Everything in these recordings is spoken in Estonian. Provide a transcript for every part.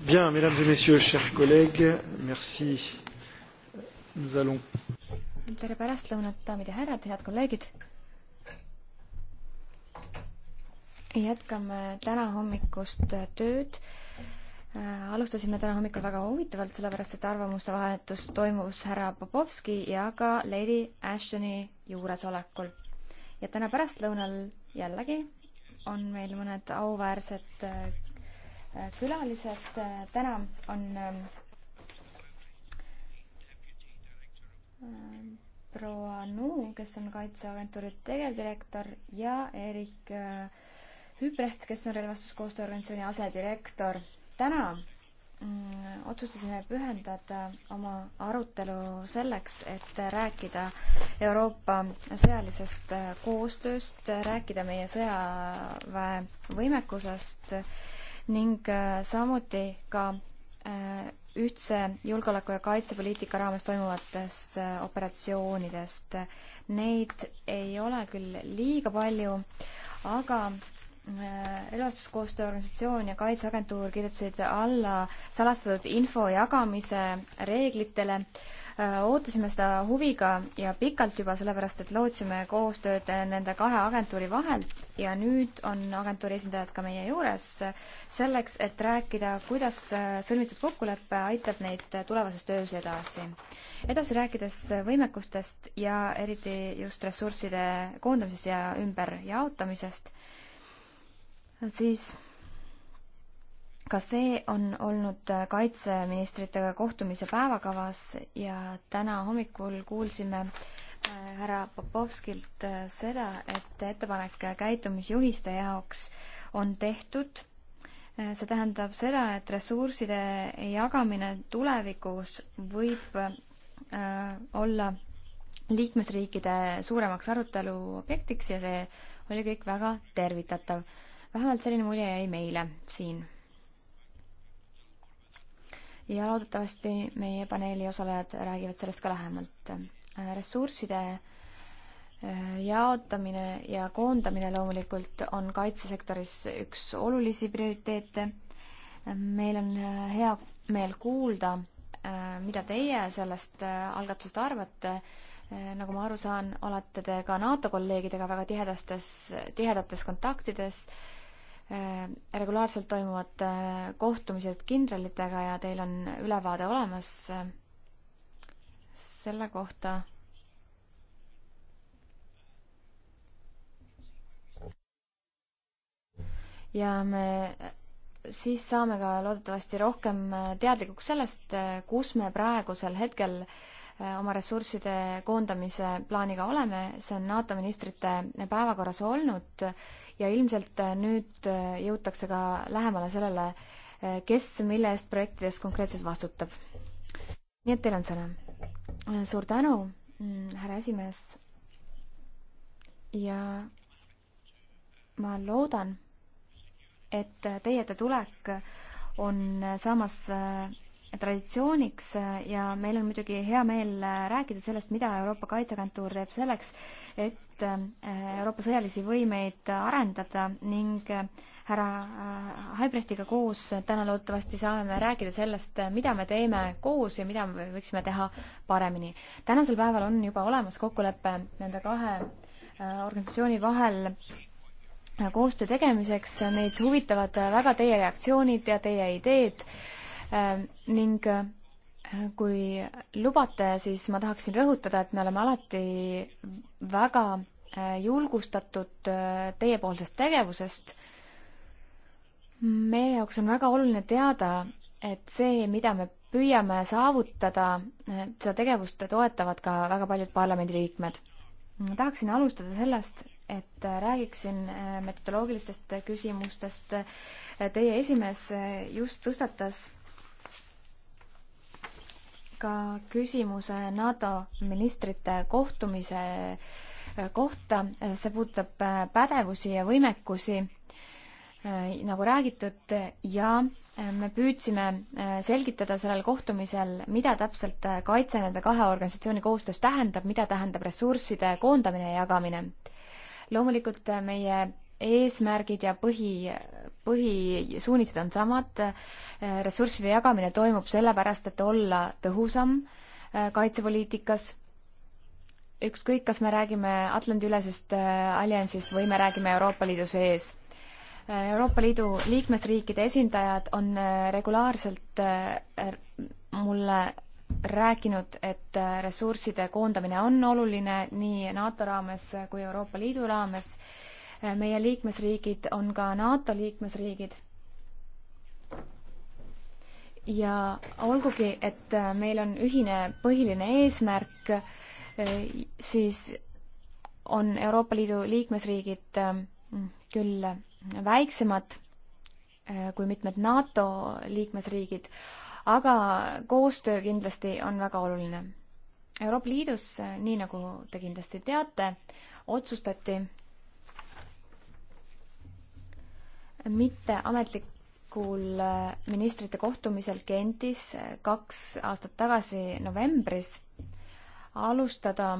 Bien, mesdames et messieurs, chers collègues, merci. Nous allons. tere pärastlõunat, daamid ja härrad, head kolleegid. jätkame tänahommikust tööd. alustasime täna hommikul väga huvitavalt, sellepärast et arvamuste vahetus toimus härra Popovski ja ka Lady Ashtoni juuresolekul. ja täna pärastlõunal jällegi on meil mõned auväärsed Äh, külalised. Äh, täna on ähm, ähm, proua Nu, kes on Kaitseagentuuri tegevdirektor ja Erik äh, Hüprecht, kes on relvastuskoostöö organisatsiooni asedirektor. täna mm, otsustasime pühendada oma arutelu selleks, et rääkida Euroopa sõjalisest koostööst, rääkida meie sõjaväe võimekusest äh, ning äh, samuti ka äh, ühtse julgeoleku- ja kaitsepoliitika raames toimuvatest äh, operatsioonidest. Neid ei ole küll liiga palju, aga relvastuskoostöö organisatsioon ja Kaitseagentuur kirjutasid alla salastatud info jagamise reeglitele äh, Äh, ootasime seda huviga ja pikalt juba, sellepärast et lootsime koostööd nende kahe agentuuri vahel ja nüüd on agentuuri esindajad ka meie juures selleks, et rääkida, kuidas äh, sõlmitud kokkulepe aitab neid tulevases töös edasi. edasi rääkides võimekustest ja eriti just ressursside koondamisest ja ümberjaotamisest, siis ka see on olnud äh, kaitseministritega kohtumise päevakavas ja täna hommikul kuulsime äh, härra Popovskilt äh, seda, et ettepanek käitumisjuhiste jaoks on tehtud. see tähendab seda, et ressursside jagamine tulevikus võib olla liikmesriikide suuremaks arutelu objektiks ja see oli kõik väga tervitatav. vähemalt selline mulje jäi meile siin ja loodetavasti meie paneeli osalejad räägivad sellest ka lähemalt. Äh, ressursside äh, jaotamine ja koondamine loomulikult on kaitsesektoris üks olulisi prioriteete. Äh, meil on hea meel kuulda, mida teie sellest algatusest arvate. nagu ma aru saan, olete te ka NATO kolleegidega väga tihedastes, tihedates kontaktides äh, Äh, regulaarselt toimuvad äh, kohtumised kindralitega ja teil on ülevaade olemas äh, selle kohta ja me siis saame ka loodetavasti rohkem teadlikuks sellest, kus me praegusel hetkel äh, Äh, oma ressursside koondamise plaaniga oleme, see on NATO ministrite päevakorras olnud ja ilmselt äh, nüüd äh, jõutakse ka lähemale sellele, kes mille eest projektides konkreetselt vastutab. nii et teil on sõna. suur tänu, mm, härra esimees. ja ma loodan, et teie ettetulek on saamas traditsiooniks äh, ja meil on muidugi hea meel äh, rääkida sellest, mida Euroopa Kaitseagentuur teeb selleks, et äh, Euroopa sõjalisi võimeid arendada ning härra Haibrechtiga koos täna loodetavasti saame rääkida sellest, mida me teeme koos ja mida me võiksime teha paremini. tänasel päeval on juba olemas kokkulepe nende kahe organisatsiooni vahel koostöö tegemiseks, meid huvitavad väga teie reaktsioonid ja teie ideed äh, Äh, ning äh, kui lubate, siis ma tahaksin rõhutada, et me oleme alati väga äh, julgustatud teiepoolsest tegevusest. meie jaoks on väga oluline teada, et see, mida me püüame saavutada, seda tegevust toetavad ka väga paljud parlamendiliikmed. ma tahaksin alustada sellest, et räägiksin metodoloogilistest küsimustest. Teie esimees just tõstatas ka küsimuse NATO ministrite kohtumise äh, kohta, see puudutab äh, pädevusi ja võimekusi, äh, nagu räägitud, ja me püüdsime selgitada sellel kohtumisel, mida täpselt kaitse nende kahe organisatsiooni koostöös tähendab, mida tähendab ressursside koondamine ja jagamine. loomulikult meie eesmärgid ja põhi, põhisuunised on samad. ressursside jagamine toimub sellepärast, et olla tõhusam äh, kaitsepoliitikas. ükskõik, kas me räägime Atlandi-ülesest äh, alliansist või me räägime Euroopa Liidu sees äh, Euroopa Liidu liikmesriikide esindajad on regulaarselt mulle rääkinud, et ressursside koondamine on oluline nii NATO raames kui Euroopa Liidu raames meie liikmesriigid on ka NATO liikmesriigid. ja olgugi, et meil on ühine põhiline eesmärk, eh, siis on Euroopa Liidu liikmesriigid eh, küll väiksemad eh, kui mitmed NATO liikmesriigid, aga koostöö kindlasti on väga oluline. Euroopa Liidus, nii nagu te kindlasti teate, otsustati mitteametlikul äh, ministrite kohtumisel Gentis äh, kaks aastat tagasi novembris alustada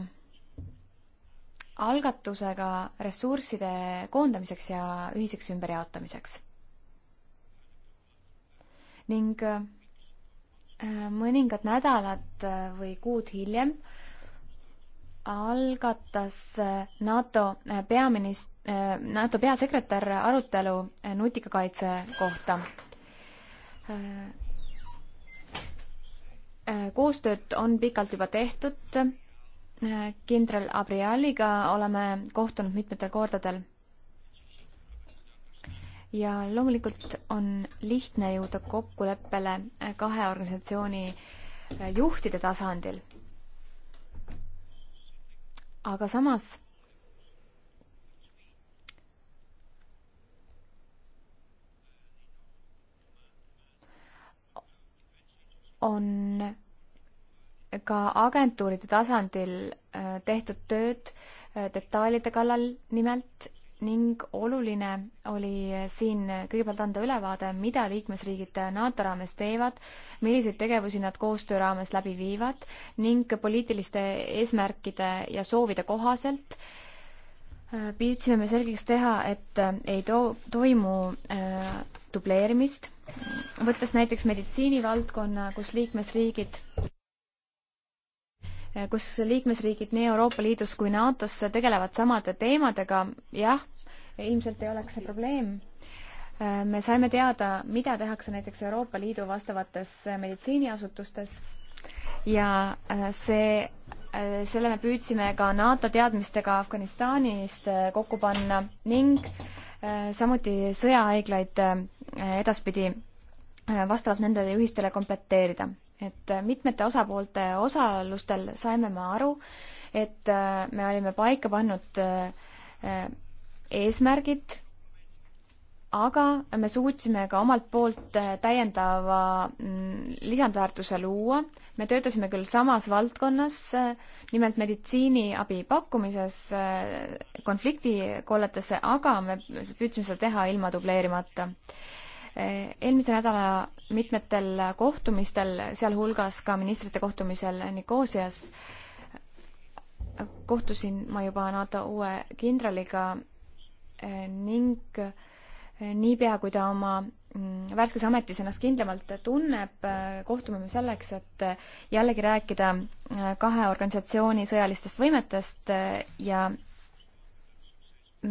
algatusega ressursside koondamiseks ja ühiseks ümberjaotamiseks. ning äh, mõningad nädalad või kuud hiljem äh, algatas äh, NATO äh, peaminist-, äh, NATO peasekretär arutelu nutikakaitse kohta. koostööd on pikalt juba tehtud, kindral Abrialiga oleme kohtunud mitmetel kordadel. ja loomulikult on lihtne jõuda kokkuleppele kahe organisatsiooni juhtide tasandil aga samas on ka agentuuride tasandil äh, tehtud tööd äh, detailide kallal, nimelt ning oluline oli siin kõigepealt anda ülevaade, mida liikmesriigid NATO raames teevad, milliseid tegevusi nad koostöö raames läbi viivad ning poliitiliste eesmärkide ja soovide kohaselt äh, püüdsime me selgeks teha, et äh, ei too, toimu äh, dubleerimist, võttes näiteks meditsiinivaldkonna, kus liikmesriigid äh, kus liikmesriigid nii Euroopa Liidus kui NATO-s tegelevad samade teemadega, jah, ilmselt ei oleks see probleem. Äh, me saime teada, mida tehakse näiteks Euroopa Liidu vastavates äh, meditsiiniasutustes ja äh, see, selle me püüdsime ka NATO teadmistega Afganistanis kokku panna ning samuti sõjahaiglaid edaspidi vastavalt nendele juhistele komplekteerida. et mitmete osapoolte osalustel saime me aru, et me olime paika pannud eesmärgid, aga me suutsime ka omalt poolt äh, täiendava mm, lisandväärtuse luua. me töötasime küll samas valdkonnas, äh, nimelt meditsiiniabi pakkumises äh, konfliktikolletesse, aga me püüdsime seda teha ilma dubleerimata eelmise nädala mitmetel kohtumistel, sealhulgas ka ministrite kohtumisel Nikosias, kohtusin ma juba NATO uue kindraliga Äh, ning äh, niipea, kui ta oma mm, värskes ametis ennast kindlamalt tunneb, äh, kohtume me selleks, et jällegi rääkida kahe organisatsiooni sõjalistest võimetest ja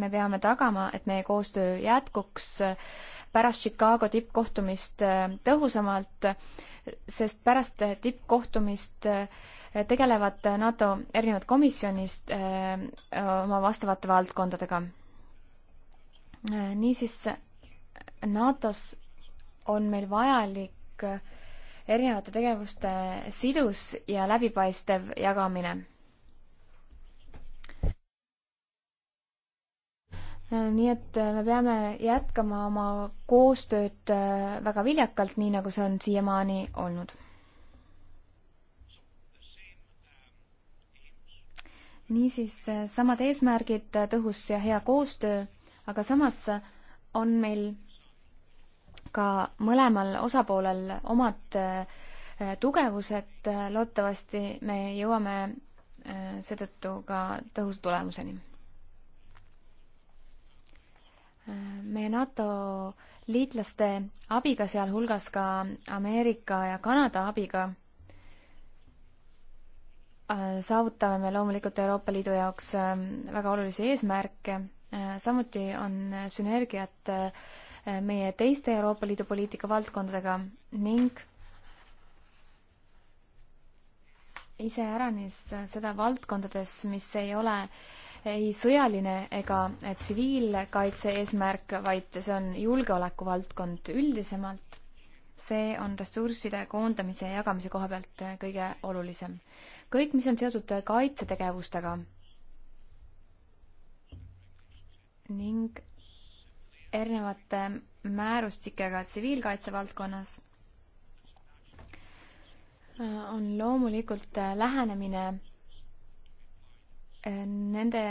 me peame tagama, et meie koostöö jätkuks pärast Chicago tippkohtumist tõhusamalt, sest pärast tippkohtumist tegelevad NATO erinevad komisjonid oma vastavate valdkondadega niisiis NATO-s on meil vajalik erinevate tegevuste sidus ja läbipaistev jagamine. nii et me peame jätkama oma koostööd äh, väga viljakalt, nii nagu see on siiamaani olnud niisiis äh, samad eesmärgid, äh, tõhus ja hea koostöö aga samas on meil ka mõlemal osapoolel omad äh, tugevused, loodetavasti me jõuame äh, seetõttu ka tõhusa tulemuseni. Äh, meie NATO liitlaste abiga, sealhulgas ka Ameerika ja Kanada abiga, saavutame me loomulikult Euroopa Liidu jaoks väga olulisi eesmärke Äh, samuti on sünergiat äh, meie teiste Euroopa Liidu poliitika valdkondadega ning iseäranis äh, seda valdkondades, mis ei ole ei sõjaline ega tsiviilkaitse eesmärk, vaid see on julgeoleku valdkond üldisemalt. see on ressursside koondamise ja jagamise koha pealt kõige olulisem. kõik, mis on seotud kaitsetegevustega ning erinevate määrustikega tsiviilkaitse valdkonnas äh, on loomulikult äh, lähenemine äh, nende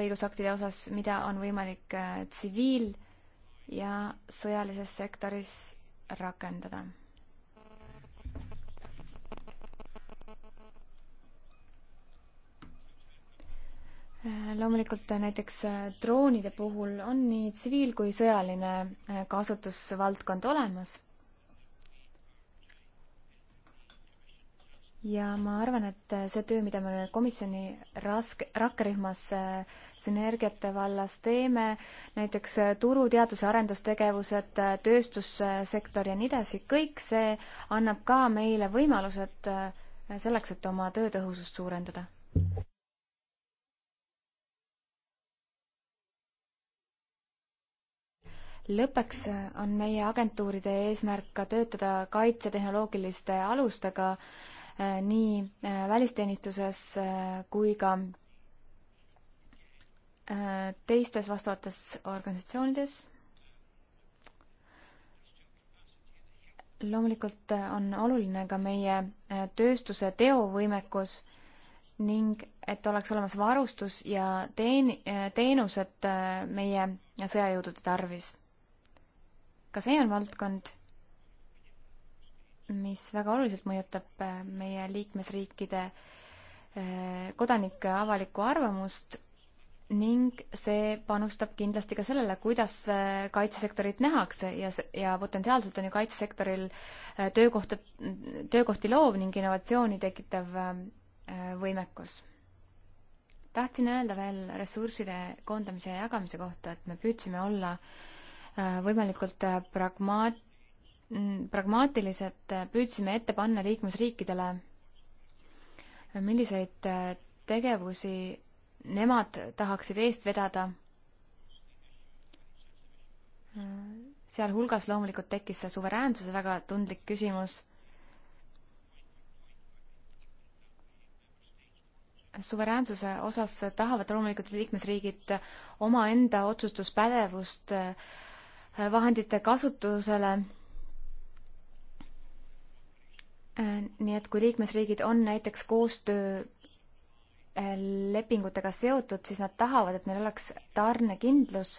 õigusaktide osas, mida on võimalik tsiviil- ja sõjalises sektoris rakendada Äh, loomulikult äh, näiteks äh, droonide puhul on nii tsiviil- kui sõjaline kasutusvaldkond olemas. ja ma arvan, et see töö, mida me komisjoni raske, rakkerühmas sünergiate vallas teeme, näiteks turu teadus- ja arendustegevused, tööstussektor ja nii edasi, kõik see annab ka meile võimalused selleks, et oma töö tõhusust suurendada. lõppeks äh, on meie agentuuride eesmärk ka töötada kaitsetehnoloogiliste alustega äh, nii äh, välisteenistuses kui ka teistes vastavates organisatsioonides. loomulikult on oluline ka meie tööstuse teovõimekus ning et oleks olemas varustus ja teen-, teenused meie sõjajõudude tarvis ka see on valdkond, mis väga oluliselt mõjutab äh, meie liikmesriikide äh, kodanike avalikku arvamust ning see panustab kindlasti ka sellele, kuidas äh, kaitsesektorit nähakse ja, ja potentsiaalselt on ju kaitsesektoril töökohta, töökohti loov ning innovatsiooni tekitav võimekus. tahtsin öelda veel ressursside koondamise ja jagamise kohta, et me püüdsime olla äh, Äh, võimalikult äh, pragmaat-, mm, pragmaatiliselt äh, püüdsime ette panna liikmesriikidele, milliseid tegevusi nemad tahaksid eest vedada. sealhulgas loomulikult tekkis see suveräänsuse väga tundlik küsimus. suveräänsuse osas tahavad loomulikult liikmesriigid omaenda otsustuspädevust äh, vahendite kasutusele. Äh, nii et kui liikmesriigid on näiteks koostöö äh, lepingutega seotud, siis nad tahavad, et neil oleks tarnekindlus,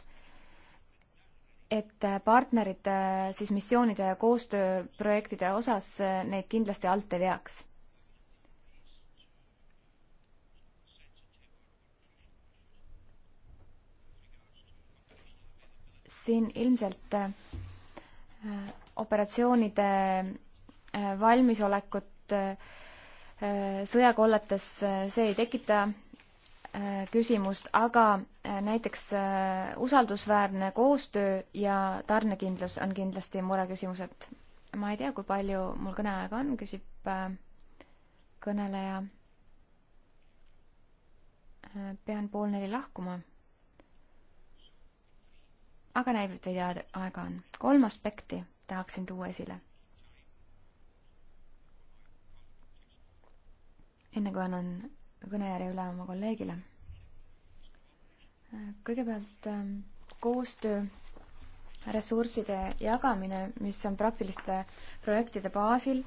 et äh, partnerid siis missioonide ja koostööprojektide osas neid kindlasti alt ei veaks siin ilmselt äh, operatsioonide äh, valmisolekut äh, sõjakolletes, see ei tekita küsimust, aga näiteks usaldusväärne koostöö ja tarnekindlus on kindlasti mureküsimused. ma ei tea, kui palju mul kõneaega on, küsib kõneleja. pean pool neli lahkuma aga näib, et veidi aega on. kolm aspekti tahaksin tuua esile. enne kui annan kõnejärje üle oma kolleegile. kõigepealt ähm, koostöö ressursside jagamine, mis on praktiliste projektide baasil,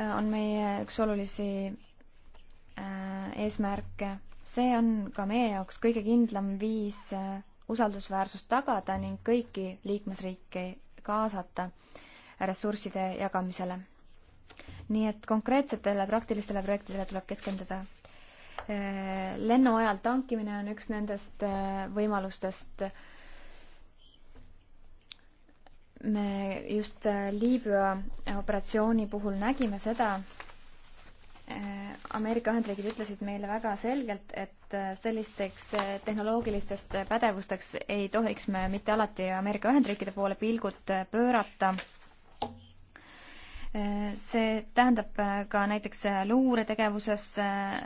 äh, on meie üks olulisi äh, eesmärke. see on ka meie jaoks kõige kindlam viis äh, usaldusväärsust tagada ning kõiki liikmesriike kaasata ressursside jagamisele. nii et konkreetsetele praktilistele projektidele tuleb keskenduda. Äh, lennu ajal tankimine on üks nendest äh, võimalustest. me just äh, Liibüa operatsiooni puhul nägime seda, Ameerika Ühendriigid ütlesid meile väga selgelt, et et äh, sellisteks äh, tehnoloogilistest pädevusteks ei tohiks me mitte alati Ameerika Ühendriikide poole pilgud äh, pöörata. see tähendab ka näiteks luuretegevuses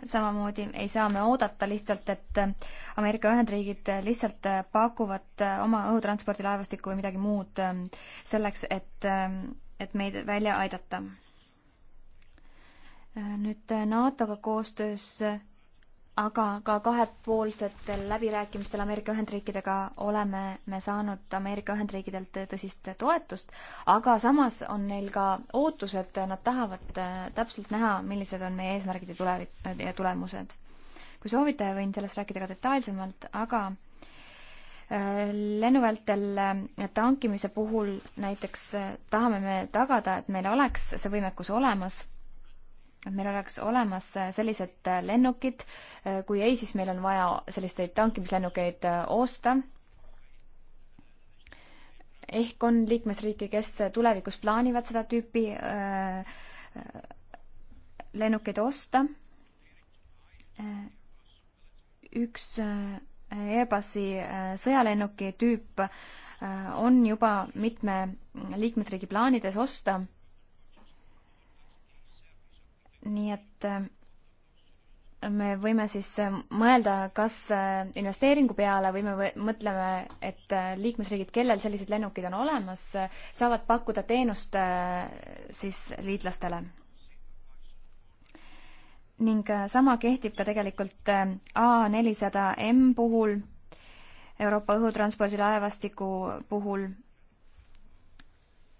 samamoodi ei saa me oodata lihtsalt, et Ameerika Ühendriigid lihtsalt pakuvad oma õhutranspordilaevastikku või midagi muud ähm, selleks, et, ähm, et meid välja aidata. nüüd NATO-ga koostöös aga ka kahepoolsetel läbirääkimistel Ameerika Ühendriikidega oleme me saanud Ameerika Ühendriikidelt tõsist toetust, aga samas on neil ka ootused, nad tahavad äh, täpselt näha, millised on meie eesmärgid ja tulevik, äh, ja tulemused. kui soovite, võin sellest rääkida ka detailsemalt, aga äh, lennuväeltel tankimise puhul näiteks tahame me tagada, et meil oleks see võimekus olemas et meil oleks olemas äh, sellised äh, lennukid, äh, kui ei, siis meil on vaja selliseid tankimislennukeid osta. ehk on liikmesriike, kes tulevikus plaanivad seda tüüpi lennukeid osta. üks Airbusi sõjalennuki tüüp on juba mitme liikmesriigi plaanides osta nii et äh, me võime siis äh, mõelda, kas äh, investeeringu peale või me mõtleme, et liikmesriigid, kellel sellised lennukid on olemas, saavad pakkuda teenust siis liitlastele. ning sama kehtib ka tegelikult A400M puhul, Euroopa õhutranspordilaevastiku puhul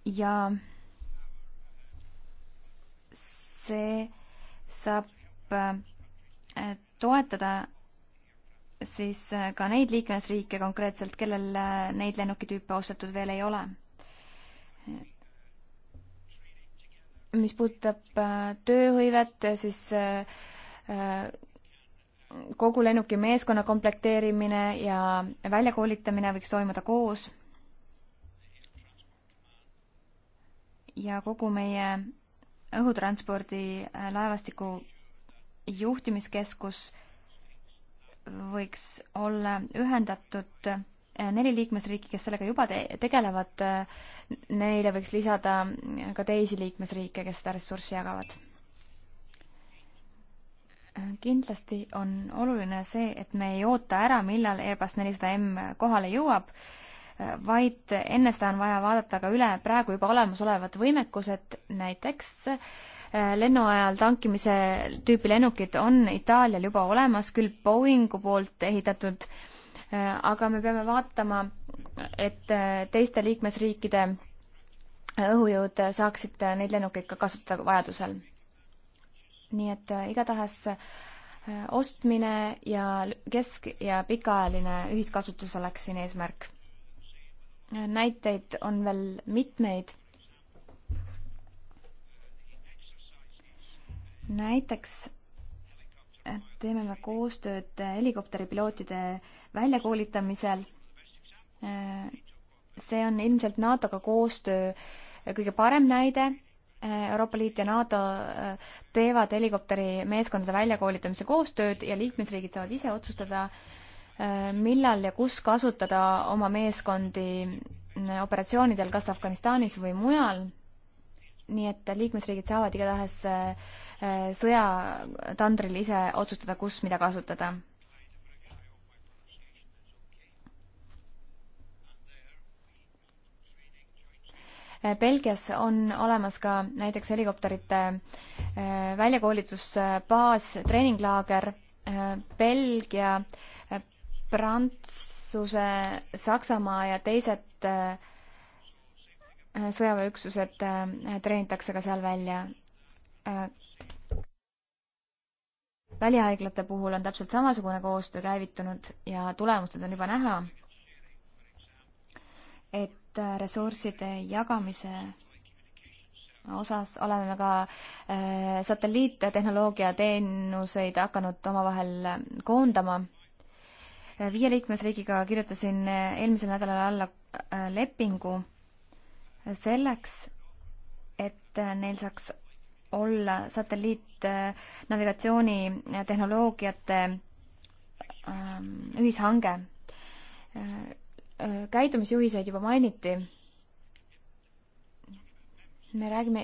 ja see saab äh, toetada siis äh, ka neid liikmesriike konkreetselt, kellel äh, neid lennukitüüpe ostetud veel ei ole. mis puudutab tööhõivet, siis kogu lennuki meeskonna komplekteerimine ja väljakoolitamine võiks toimuda koos. ja kogu meie õhutranspordi äh, laevastiku juhtimiskeskus võiks olla ühendatud äh, neli liikmesriiki, kes sellega juba te tegelevad, äh, neile võiks lisada ka teisi liikmesriike, kes seda ressurssi jagavad. kindlasti on oluline see, et me ei oota ära, millal Airbus nelisada M kohale jõuab vaid enne seda on vaja vaadata ka üle praegu juba olemasolevad võimekused, näiteks äh, lennuajal tankimise tüüpi lennukid on Itaalial juba olemas, küll Boeingu poolt ehitatud, äh, aga me peame vaatama, et äh, teiste liikmesriikide õhujõud saaksid neid lennukeid ka kasutada vajadusel. nii et igatahes ostmine ja kesk- ja pikaajaline ühiskasutus oleks siin eesmärk näiteid on veel mitmeid. näiteks teeme me koostööd helikopteripilootide väljakoolitamisel. see on ilmselt NATO-ga koostöö kõige parem näide. Euroopa Liit ja NATO teevad helikopterimeeskondade väljakoolitamise koostööd ja liikmesriigid saavad ise otsustada äh, Äh, millal ja kus kasutada oma meeskondi mm, operatsioonidel kas Afganistanis või mujal. nii et liikmesriigid saavad igatahes äh, sõjatandril ise otsustada, kus mida kasutada. Äh, Belgias on olemas ka näiteks helikopterite väljakoolitusbaas, treeninglaager, Belgia äh, Prantsuse, Saksamaa ja teised äh, sõjaväeüksused äh, treenitakse ka seal välja. Äh, välihaiglate puhul on täpselt samasugune koostöö käivitunud ja tulemused on juba näha, et ressursside jagamise osas oleme me ka satelliittehnoloogia teenuseid hakanud omavahel koondama viie liikmesriigiga kirjutasin eelmisel nädalal alla äh, lepingu selleks, et neil saaks olla satelliitnavigatsiooni äh, tehnoloogiate ähm, ühishange. Äh, käitumisjuhiseid juba mainiti. me räägime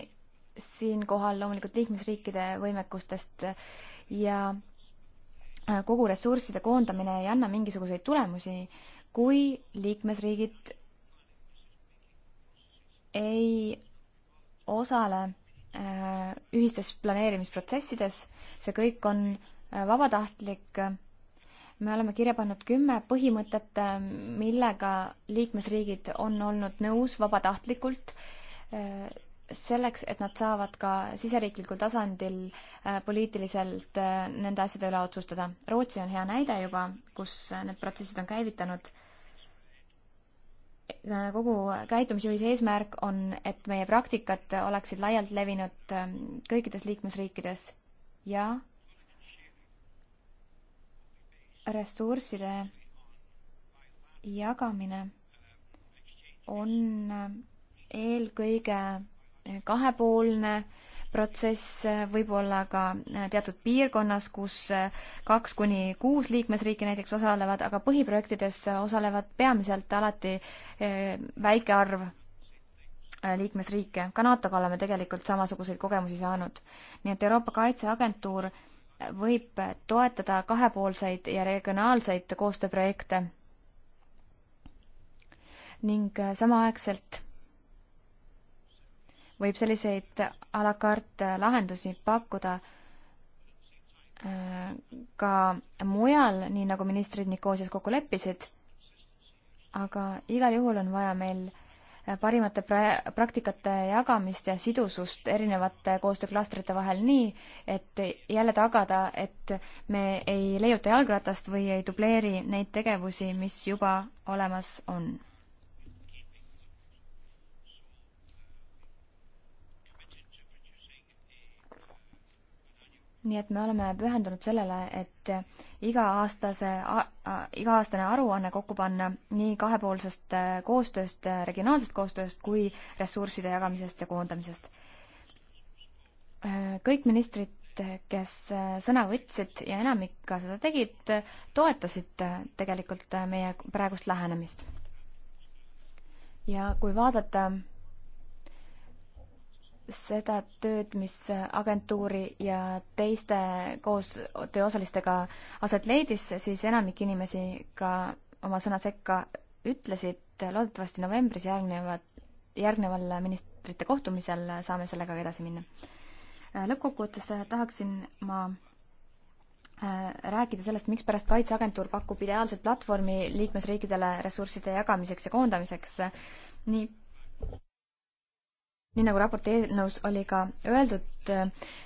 siinkohal loomulikult liikmesriikide võimekustest ja kogu ressursside koondamine ei anna mingisuguseid tulemusi, kui liikmesriigid ei osale äh, ühistes planeerimisprotsessides, see kõik on äh, vabatahtlik. me oleme kirja pannud kümme põhimõtet, äh, millega liikmesriigid on olnud nõus vabatahtlikult selleks, et nad saavad ka siseriiklikul tasandil äh, poliitiliselt äh, nende asjade üle otsustada. Rootsi on hea näide juba, kus need protsessid on käivitanud. Äh, kogu käitumisjuhise eesmärk on, et meie praktikad oleksid laialt levinud kõikides liikmesriikides ja ressursside jagamine on eelkõige kahepoolne protsess võib-olla ka teatud piirkonnas, kus kaks kuni kuus liikmesriiki näiteks osalevad, aga põhiprojektides osalevad peamiselt alati eh, väike arv eh, liikmesriike. ka NATO-ga oleme tegelikult samasuguseid kogemusi saanud. nii et Euroopa Kaitseagentuur võib toetada kahepoolseid ja regionaalseid koostööprojekte ning eh, samaaegselt võib selliseid a la carte lahendusi pakkuda äh, ka mujal, nii nagu ministrid Nikosias kokku leppisid, aga igal juhul on vaja meil äh, parimate pra-, praktikate jagamist ja sidusust erinevate koostööklastrite vahel nii, et jälle tagada, et me ei leiuta jalgratast või ei dubleeri neid tegevusi, mis juba olemas on nii et me oleme pühendunud sellele, et iga-aastase, iga-aastane aruanne kokku panna nii kahepoolsest äh, koostööst, äh, regionaalsest koostööst kui ressursside jagamisest ja koondamisest. Äh, kõik ministrid, kes sõna võtsid ja enamik ka seda tegid, toetasid tegelikult meie praegust lähenemist. ja kui vaadata seda tööd, mis agentuuri ja teiste koostööosalistega aset leidis, siis enamik inimesi ka oma sõna sekka ütlesid, loodetavasti novembris järgnevad, järgneval ministrite kohtumisel saame sellega ka edasi minna. lõppkokkuvõttes tahaksin ma äh, rääkida sellest, mikspärast Kaitseagentuur pakub ideaalset platvormi liikmesriikidele ressursside jagamiseks ja koondamiseks, nii nii nagu raporti eelnõus oli ka öeldud,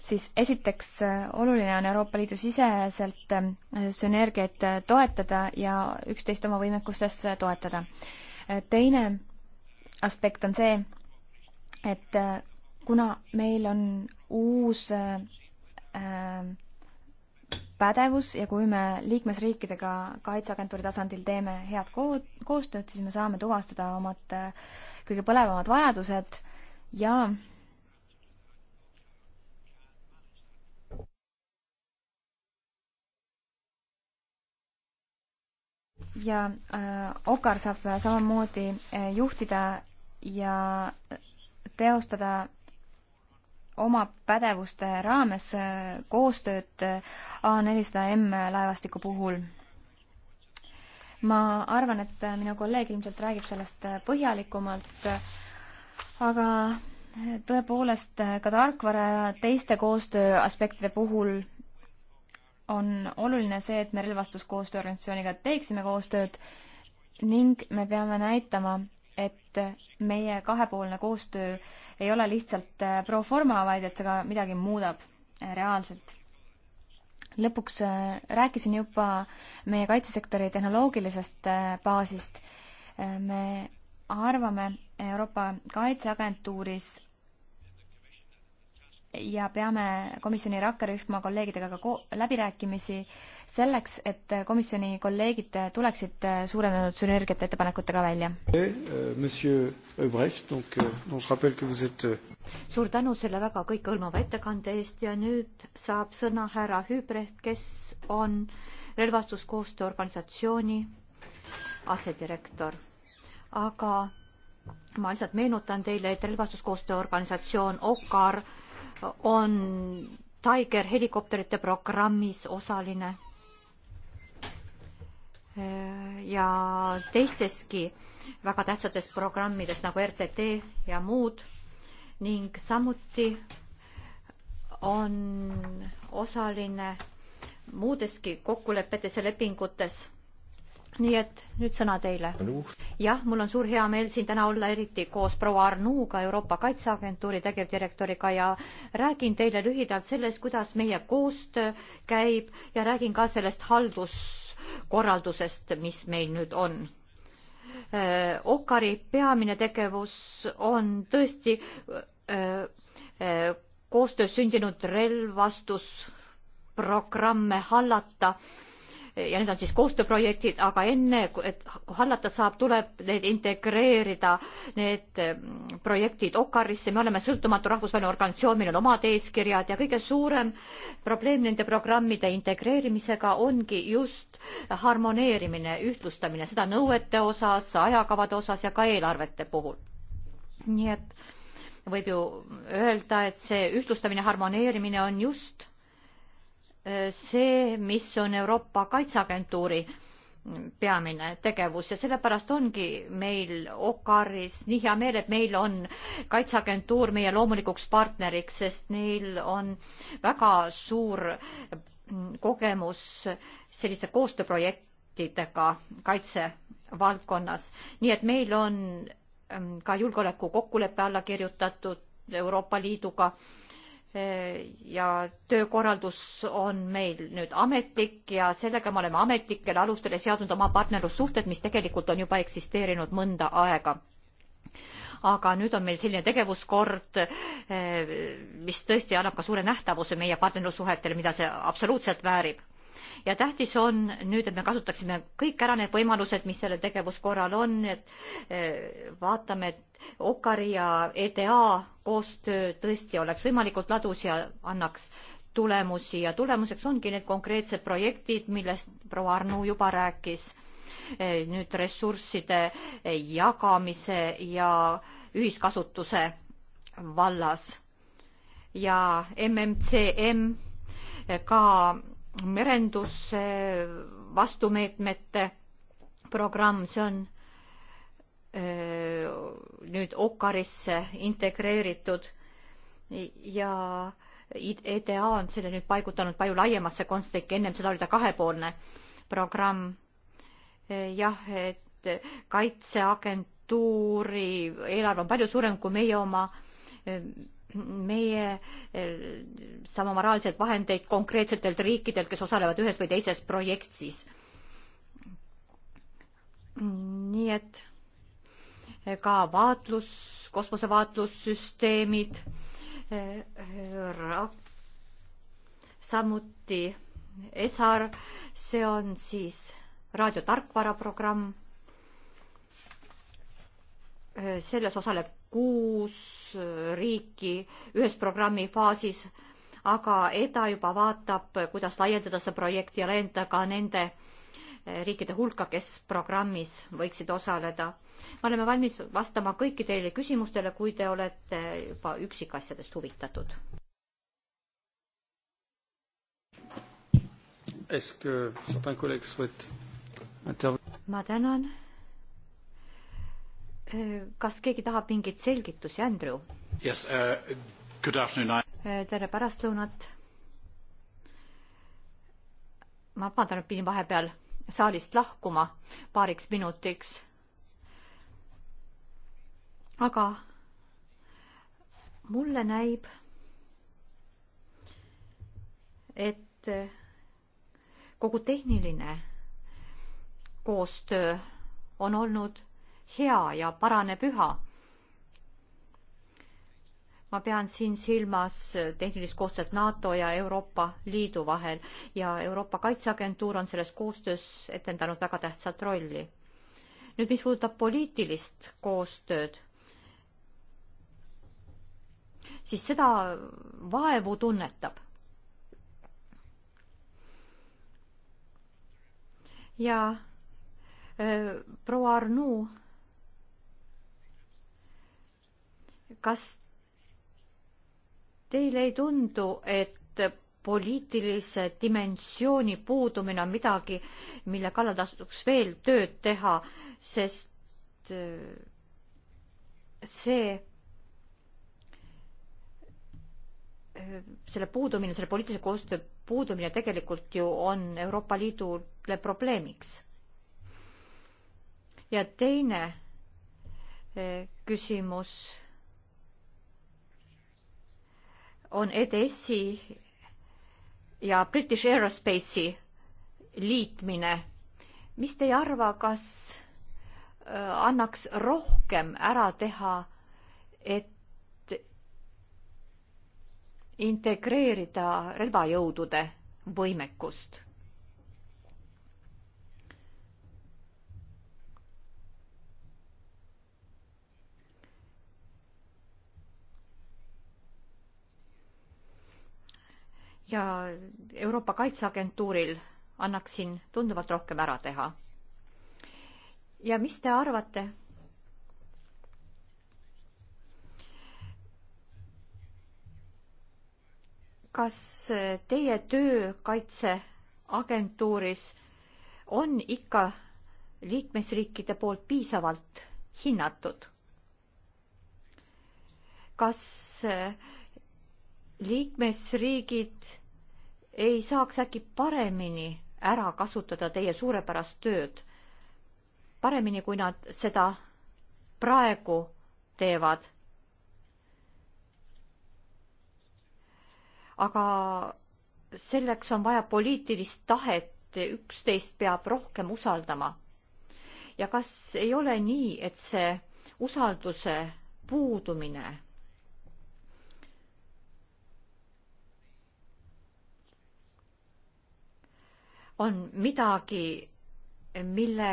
siis esiteks äh, oluline on Euroopa Liidu siseselt äh, sünergiaid äh, toetada ja üksteist oma võimekustes toetada. teine aspekt on see, et kuna meil on uus pädevus ja kui me liikmesriikidega Kaitseagentuuri tasandil teeme head koostööd, siis me saame tuvastada omad kõige põlevamad vajadused ja ja äh, Okar saab samamoodi äh, juhtida ja äh, teostada oma pädevuste raames äh, koostööd äh, A400M laevastiku puhul. ma arvan, et äh, minu kolleeg ilmselt räägib sellest äh, põhjalikumalt äh,, aga eh, tõepoolest eh, ka tarkvara ja teiste koostöö aspektide puhul on oluline see, et me relvastuskoostöö organisatsiooniga teeksime koostööd ning me peame näitama, et meie kahepoolne koostöö ei ole lihtsalt eh, pro forma, vaid et see ka midagi muudab reaalselt. lõpuks rääkisin juba meie kaitsesektori tehnoloogilisest baasist. me arvame Euroopa Kaitseagentuuris ja peame komisjoni rakkerühma kolleegidega ka läbirääkimisi selleks, et komisjoni kolleegid tuleksid suurenenud sünergiate ettepanekutega välja. Eh, euh, euh, euh, suur tänu selle väga kõikehõlmava ettekande eest ja nüüd saab sõna härra Hübrecht, kes on relvastuskoostöö organisatsiooni asedirektor aga ma lihtsalt meenutan teile, et relvastuskoostöö organisatsioon OCCAR on Tiger helikopterite programmis osaline. ja teisteski väga tähtsates programmides nagu RTT ja muud ning samuti on osaline muudeski kokkulepetes ja lepingutes nii et nüüd sõna teile. jah, mul on suur heameel siin täna olla, eriti koos proua Arnuga, Euroopa Kaitseagentuuri tegevdirektoriga ja räägin teile lühidalt sellest, kuidas meie koostöö käib ja räägin ka sellest halduskorraldusest, mis meil nüüd on. Okari peamine tegevus on tõesti koostöös sündinud relvastusprogramme hallata ja need on siis koostööprojektid, aga enne, et hallata saab, tuleb need integreerida, need ähm, projektid OCCAR-isse, me oleme sõltumatu rahvusvaheline organisatsioon, meil on omad eeskirjad ja kõige suurem probleem nende programmide integreerimisega ongi just harmoneerimine, ühtlustamine, seda nõuete osas, ajakavade osas ja ka eelarvete puhul. nii et võib ju öelda, et see ühtlustamine, harmoneerimine on just Äh, see, mis on Euroopa Kaitseagentuuri mm, peamine tegevus ja sellepärast ongi meil OCCAR-is nii hea meel, et meil on Kaitseagentuur meie loomulikuks partneriks, sest neil on väga suur mm, kogemus selliste koostööprojektidega kaitsevaldkonnas. nii et meil on mm, ka julgeoleku kokkulepe alla kirjutatud Euroopa Liiduga ja töökorraldus on meil nüüd ametlik ja sellega me oleme ametlikele alustele seadnud oma partnerlussuhted, mis tegelikult on juba eksisteerinud mõnda aega aga nüüd on meil selline tegevuskord, eh, mis tõesti annab ka suure nähtavuse meie partnerlussuhetele, mida see absoluutselt väärib ja tähtis on nüüd, et me kasutaksime kõik ära need võimalused, mis sellel tegevuskorral on, et eh, vaatame, et Okari ja EDA koostöö tõesti oleks võimalikult ladus ja annaks tulemusi ja tulemuseks ongi need konkreetsed projektid, millest proua Arnu juba rääkis. Eh, nüüd ressursside jagamise ja ühiskasutuse vallas ja MMCM ka merenduse vastumeetmete programm, see on nüüd Okarisse integreeritud ja EDA on selle nüüd paigutanud palju laiemasse konteksti, ennem seda oli ta kahepoolne programm. jah, et kaitseagentuuri eelarve on palju suurem kui meie oma meie eh, saame oma rahaliseid vahendeid konkreetsetelt riikidelt, kes osalevad ühes või teises projektis. nii et eh, ka vaatlus, kosmosevaatlussüsteemid, eh, samuti ESAR, see on siis raadiotarkvara programm. selles osaleb kuus riiki ühes programmi faasis, aga EDA juba vaatab, kuidas laiendada seda projekti ja laiendada ka nende eh, riikide hulka, kes programmis võiksid osaleda. me oleme valmis vastama kõikidele küsimustele, kui te olete juba üksikasjadest huvitatud. ma tänan Äh, kas keegi tahab mingeid selgitusi, Andrew yes,? Uh, äh, tere pärastlõunat. ma vabandan, et pidin vahepeal saalist lahkuma paariks minutiks. aga mulle näib, et kogu tehniline koostöö on olnud hea ja parane püha. ma pean siin silmas tehnilist koostööd NATO ja Euroopa Liidu vahel ja Euroopa Kaitseagentuur on selles koostöös etendanud väga tähtsat rolli. nüüd, mis puudutab poliitilist koostööd, siis seda vaevu tunnetab. ja äh, proua Arnoux kas teile ei tundu, et poliitilise dimensiooni puudumine on midagi, mille kallal tasuks veel tööd teha, sest äh, see, äh, selle puudumine, selle poliitilise koostöö puudumine tegelikult ju on Euroopa Liidule probleemiks. ja teine äh, küsimus on EDS-i ja British Aerospace'i liitmine. mis te ei arva, kas äh, annaks rohkem ära teha, et integreerida relvajõudude võimekust? ja Euroopa Kaitseagentuuril annaks siin tunduvalt rohkem ära teha. ja mis te arvate? kas teie töö kaitseagentuuris on ikka liikmesriikide poolt piisavalt hinnatud? kas äh, liikmesriigid ei saaks äkki paremini ära kasutada teie suurepärast tööd, paremini, kui nad seda praegu teevad. aga selleks on vaja poliitilist tahet, üksteist peab rohkem usaldama. ja kas ei ole nii, et see usalduse puudumine on midagi, mille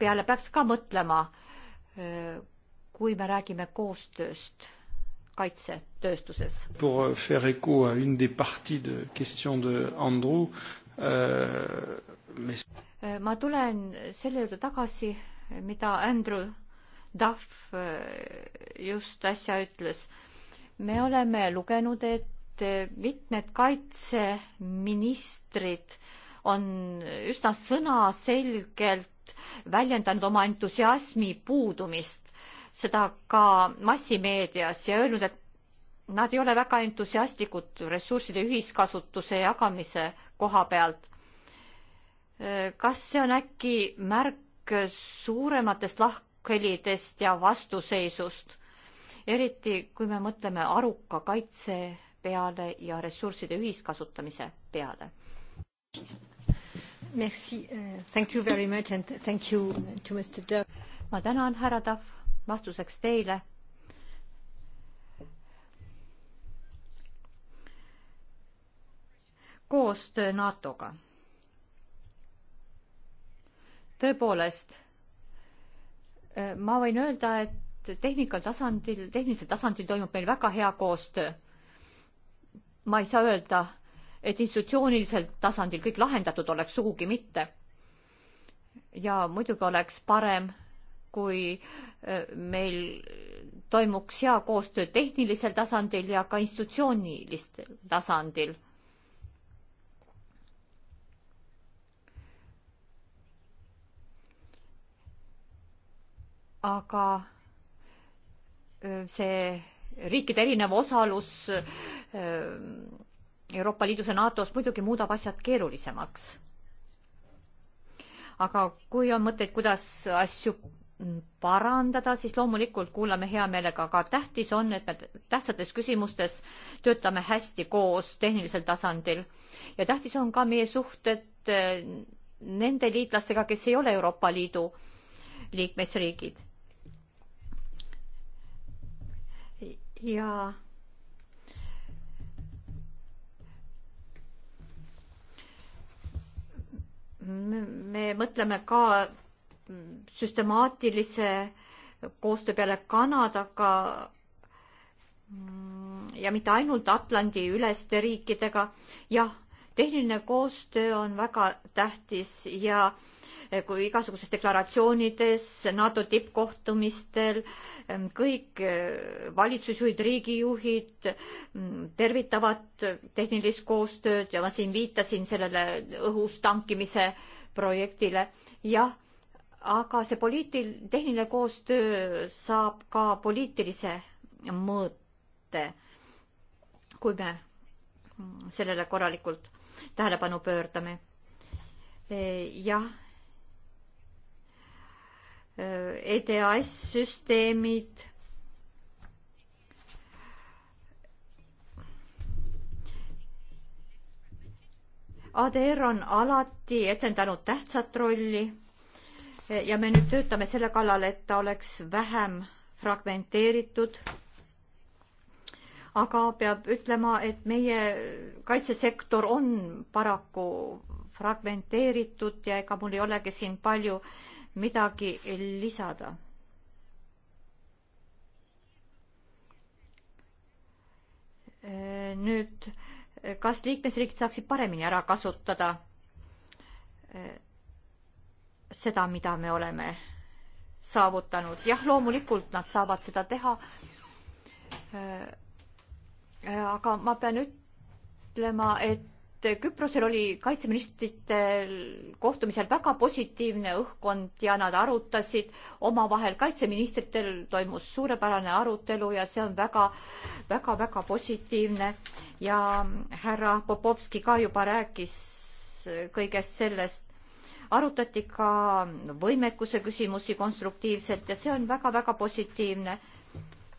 peale peaks ka mõtlema, kui me räägime koostööst kaitsetööstuses. Pour euh, faire écho à une des parties de question de Andrew euh,. Mais... Euh, ma tulen selle juurde tagasi, mida Andrew Duff euh, just äsja ütles. me oleme lugenud, et äh, mitmed kaitseministrid äh, on üsna sõnaselgelt väljendanud oma entusiasmi puudumist, seda ka massimeedias ja öelnud, et nad ei ole väga entusiastlikud ressursside ühiskasutuse jagamise koha pealt. kas see on äkki märk suurematest lahkhelidest ja vastuseisust? eriti kui me mõtleme aruka kaitse peale ja ressursside ühiskasutamise peale. Merci, euh, thank you very much and thank you to Mr Duff. ma tänan, härra Duff, vastuseks teile. koostöö NATO-ga. tõepoolest, äh, ma võin öelda, et tehnikal tasandil, tehnilisel tasandil toimub meil väga hea koostöö. ma ei saa öelda et institutsioonilisel tasandil kõik lahendatud oleks, sugugi mitte. ja muidugi oleks parem, kui äh, meil toimuks hea koostöö tehnilisel tasandil ja ka institutsioonilistel tasandil. aga äh, see riikide erinev osalus öö, äh, Euroopa Liidus ja NATO-s muidugi muudab asjad keerulisemaks. aga kui on mõtteid, kuidas asju parandada, siis loomulikult kuulame hea meelega, aga tähtis on, et me tähtsates küsimustes töötame hästi koos tehnilisel tasandil ja tähtis on ka meie suhted eh, nende liitlastega, kes ei ole Euroopa Liidu liikmesriigid. ja me mõtleme ka süstemaatilise koostöö peale Kanadaga mm, ja mitte ainult Atlandi üleste riikidega. jah, tehniline koostöö on väga tähtis ja äh, Eh, kui igasugustes deklaratsioonides, NATO tippkohtumistel, kõik eh, valitsusjuhid, riigijuhid mm, tervitavad tehnilist koostööd ja ma siin viitasin sellele õhus tankimise projektile, jah, aga see poliitil-, tehniline koostöö saab ka poliitilise mõõte, kui me mm, sellele korralikult tähelepanu pöördame eh, jah, EDAS-süsteemid. ADR on alati etendanud tähtsat rolli ja me nüüd töötame selle kallal, et ta oleks vähem fragmenteeritud. aga peab ütlema, et meie kaitsesektor on paraku fragmenteeritud ja ega mul ei olegi siin palju äh, midagi lisada? nüüd, kas liikmesriigid saaksid paremini ära kasutada eh, seda, mida me oleme saavutanud? jah, loomulikult nad saavad seda teha. Eh, aga ma pean ütlema, et Küprosel oli kaitseministritel kohtumisel väga positiivne õhkkond ja nad arutasid omavahel, kaitseministritel toimus suurepärane arutelu ja see on väga, väga, väga positiivne ja härra Popovski ka juba rääkis kõigest sellest. arutati ka võimekuse küsimusi konstruktiivselt ja see on väga-väga positiivne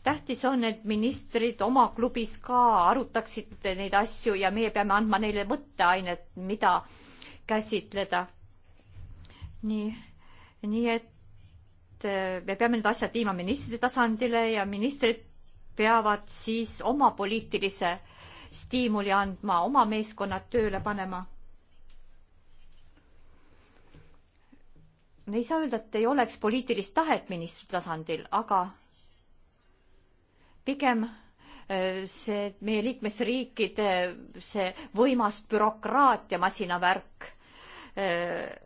tähtis on, et ministrid oma klubis ka arutaksid neid asju ja meie peame andma neile mõtteainet, mida käsitleda. nii, nii et äh, me peame need asjad viima ministri tasandile ja ministrid peavad siis oma poliitilise stiimuli andma, oma meeskonnad tööle panema. me ei saa öelda, et ei oleks poliitilist tahet ministri tasandil, aga pigem äh, see meie liikmesriikide see võimas bürokraatia masinavärk äh,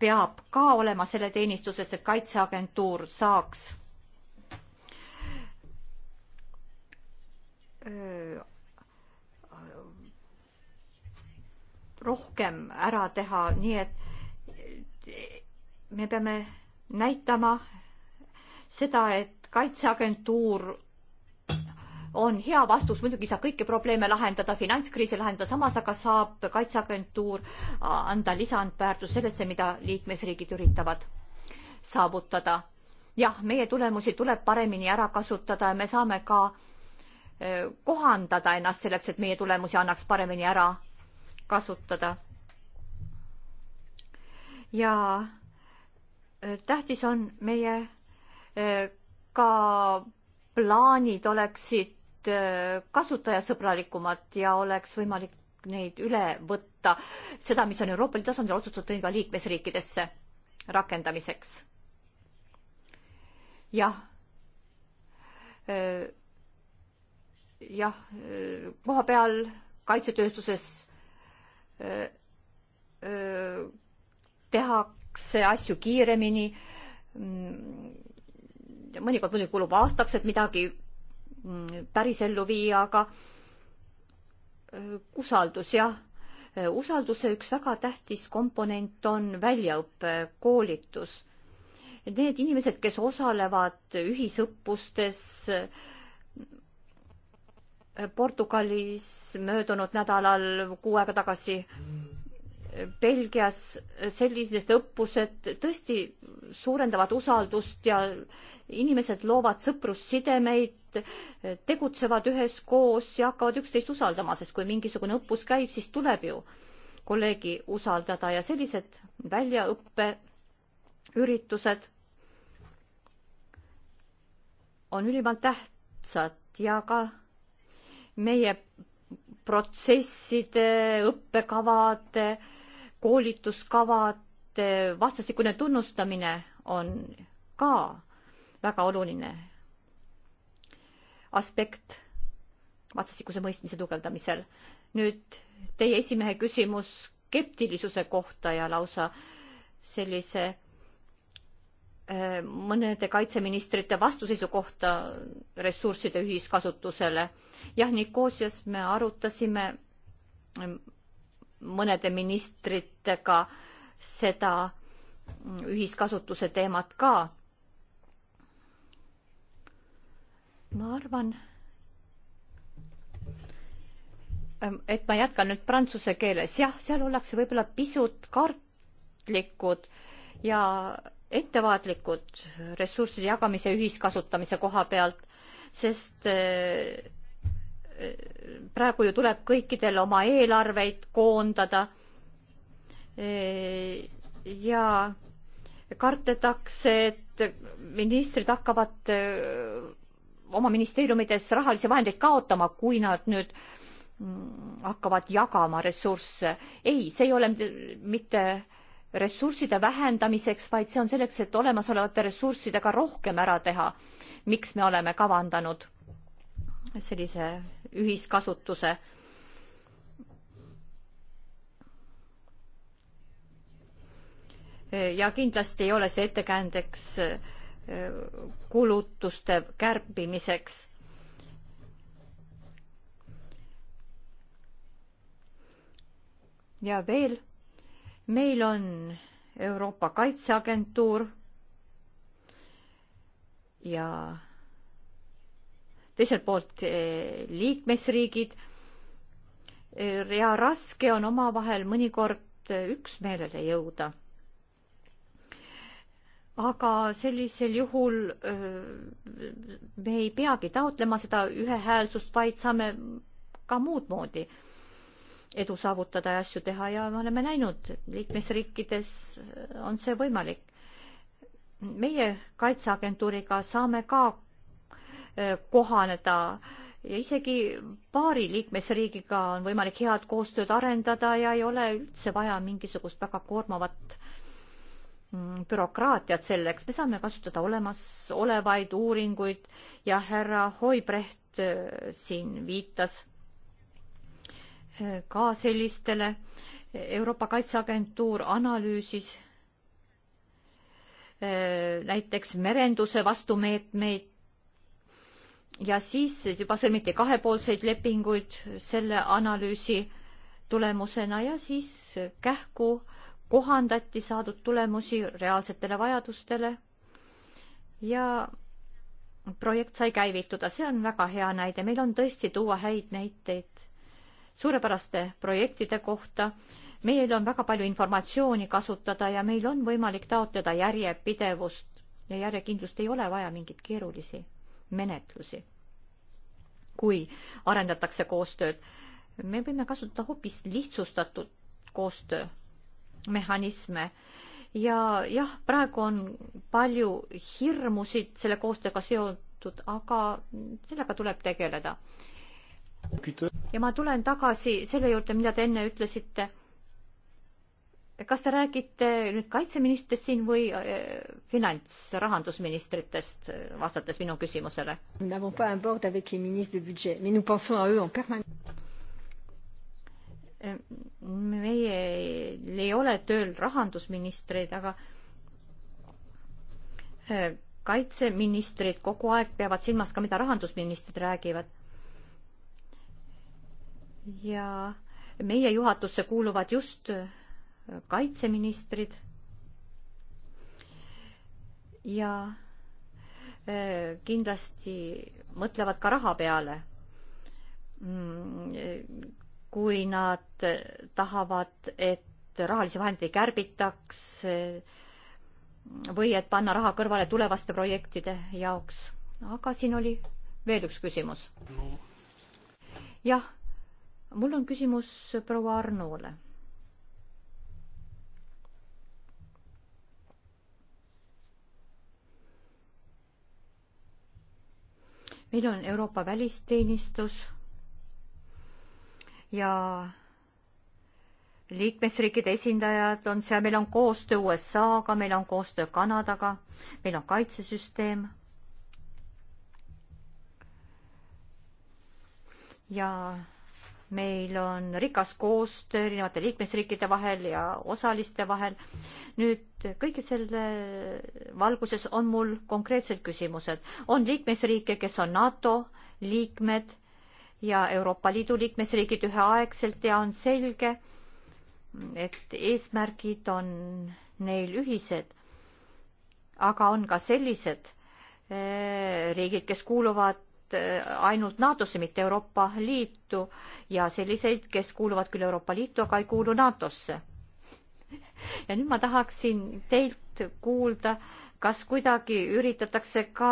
peab ka olema selle teenistuses, et kaitseagentuur saaks äh, rohkem ära teha, nii et me peame näitama seda, et kaitseagentuur on hea vastus, muidugi ei saa kõiki probleeme lahendada, finantskriisi lahendada, samas aga saab Kaitseagentuur äh, anda lisandväärtus sellesse, mida liikmesriigid üritavad saavutada. jah, meie tulemusi tuleb paremini ära kasutada ja me saame ka äh, kohandada ennast selleks, et meie tulemusi annaks paremini ära kasutada. ja äh, tähtis on meie ka plaanid oleksid Äh, kasutajasõbralikumad ja oleks võimalik neid üle võtta, seda, mis on Euroopa Liidu tasandil otsustatud ka liikmesriikidesse rakendamiseks. jah. Äh, jah, äh, koha peal kaitsetööstuses tehakse asju kiiremini. Mm, mõnikord muidugi kulub aastaks, et midagi Mm, päris ellu viia, aga äh, usaldus jah, äh, usalduse üks väga tähtis komponent on väljaõpe, koolitus. Need inimesed, kes osalevad ühisõppustes, äh, Portugalis möödunud nädalal kuu aega tagasi Belgias sellised õppused tõesti suurendavad usaldust ja inimesed loovad sõprussidemeid, tegutsevad üheskoos ja hakkavad üksteist usaldama, sest kui mingisugune õppus käib, siis tuleb ju kolleegi usaldada ja sellised väljaõppeüritused on ülimalt tähtsad ja ka meie protsesside, õppekavade äh, koolituskavade vastastikune tunnustamine on ka väga oluline aspekt vastastikuse mõistmise tugevdamisel. nüüd teie esimehe küsimus skeptilisuse kohta ja lausa sellise äh, mõnede kaitseministrite vastuseisu kohta ressursside ühiskasutusele. jah, Nikosias me arutasime mõnede ministritega seda ühiskasutuse teemat ka. ma arvan, et ma jätkan nüüd prantsuse keeles, jah, seal ollakse võib-olla pisut kartlikud ja ettevaatlikud ressursside jagamise ühiskasutamise koha pealt, sest äh, praegu ju tuleb kõikidel oma eelarveid koondada. ja kardetakse, et ministrid hakkavad eh, oma ministeeriumides rahalisi vahendeid kaotama, kui nad nüüd mm, hakkavad jagama ressursse. ei, see ei ole mitte ressursside vähendamiseks, vaid see on selleks, et olemasolevate ressurssidega rohkem ära teha. miks me oleme kavandanud sellise ühiskasutuse. ja kindlasti ei ole see ettekäändeks eh, kulutuste kärpimiseks. ja veel, meil on Euroopa Kaitseagentuur ja teiselt poolt eh, liikmesriigid. Eh, ja raske on omavahel mõnikord eh, üksmeelele jõuda. aga sellisel juhul me ei peagi taotlema seda ühehäälsust, vaid saame ka muud moodi edu saavutada ja asju teha ja me oleme näinud, liikmesriikides on see võimalik. meie kaitseagentuuriga saame ka kohaneda ja isegi paari liikmesriigiga on võimalik head koostööd arendada ja ei ole üldse vaja mingisugust väga koormavat mm, bürokraatiat selleks, me saame kasutada olemasolevaid uuringuid ja härra Hoibrecht siin viitas ka sellistele. Euroopa Kaitseagentuur analüüsis näiteks merenduse vastumeetmeid ja siis juba sõlmiti kahepoolseid lepinguid selle analüüsi tulemusena ja siis kähku kohandati saadud tulemusi reaalsetele vajadustele ja projekt sai käivituda, see on väga hea näide, meil on tõesti tuua häid näiteid suurepäraste projektide kohta. meil on väga palju informatsiooni kasutada ja meil on võimalik taotleda järjepidevust ja järjekindlust ei ole vaja mingeid keerulisi menetlusi, kui arendatakse koostööd. me võime kasutada hoopis lihtsustatud koostöömehhanisme ja jah, praegu on palju hirmusid selle koostööga seotud, aga sellega tuleb tegeleda. ja ma tulen tagasi selle juurde, mida te enne ütlesite kas te räägite nüüd kaitseministrist siin või äh, finants, rahandusministritest, äh, vastates minu küsimusele? Äh, meil ei ole tööl rahandusministreid, aga kaitseministrid kogu aeg peavad silmas ka, mida rahandusministrid räägivad. ja meie juhatusse kuuluvad just kaitseministrid ja e, kindlasti mõtlevad ka raha peale, mm, e, kui nad tahavad, et rahalisi vahendeid ei kärbitaks e, või et panna raha kõrvale tulevaste projektide jaoks. aga siin oli veel üks küsimus. jah, mul on küsimus proua Arnole meil on Euroopa välisteenistus ja liikmesriikide esindajad on seal, meil on koostöö USA-ga, meil on koostöö Kanadaga, meil on kaitsesüsteem. ja meil on rikas koostöö erinevate liikmesriikide vahel ja osaliste vahel. nüüd kõige selle valguses on mul konkreetsed küsimused. on liikmesriike, kes on NATO liikmed ja Euroopa Liidu liikmesriigid üheaegselt ja on selge, et eesmärgid on neil ühised. aga on ka sellised eh, riigid, kes kuuluvad Äh, ainult NATO-sse, mitte Euroopa Liitu ja selliseid, kes kuuluvad küll Euroopa Liitu, aga ei kuulu NATO-sse. ja nüüd ma tahaksin teilt kuulda, kas kuidagi üritatakse ka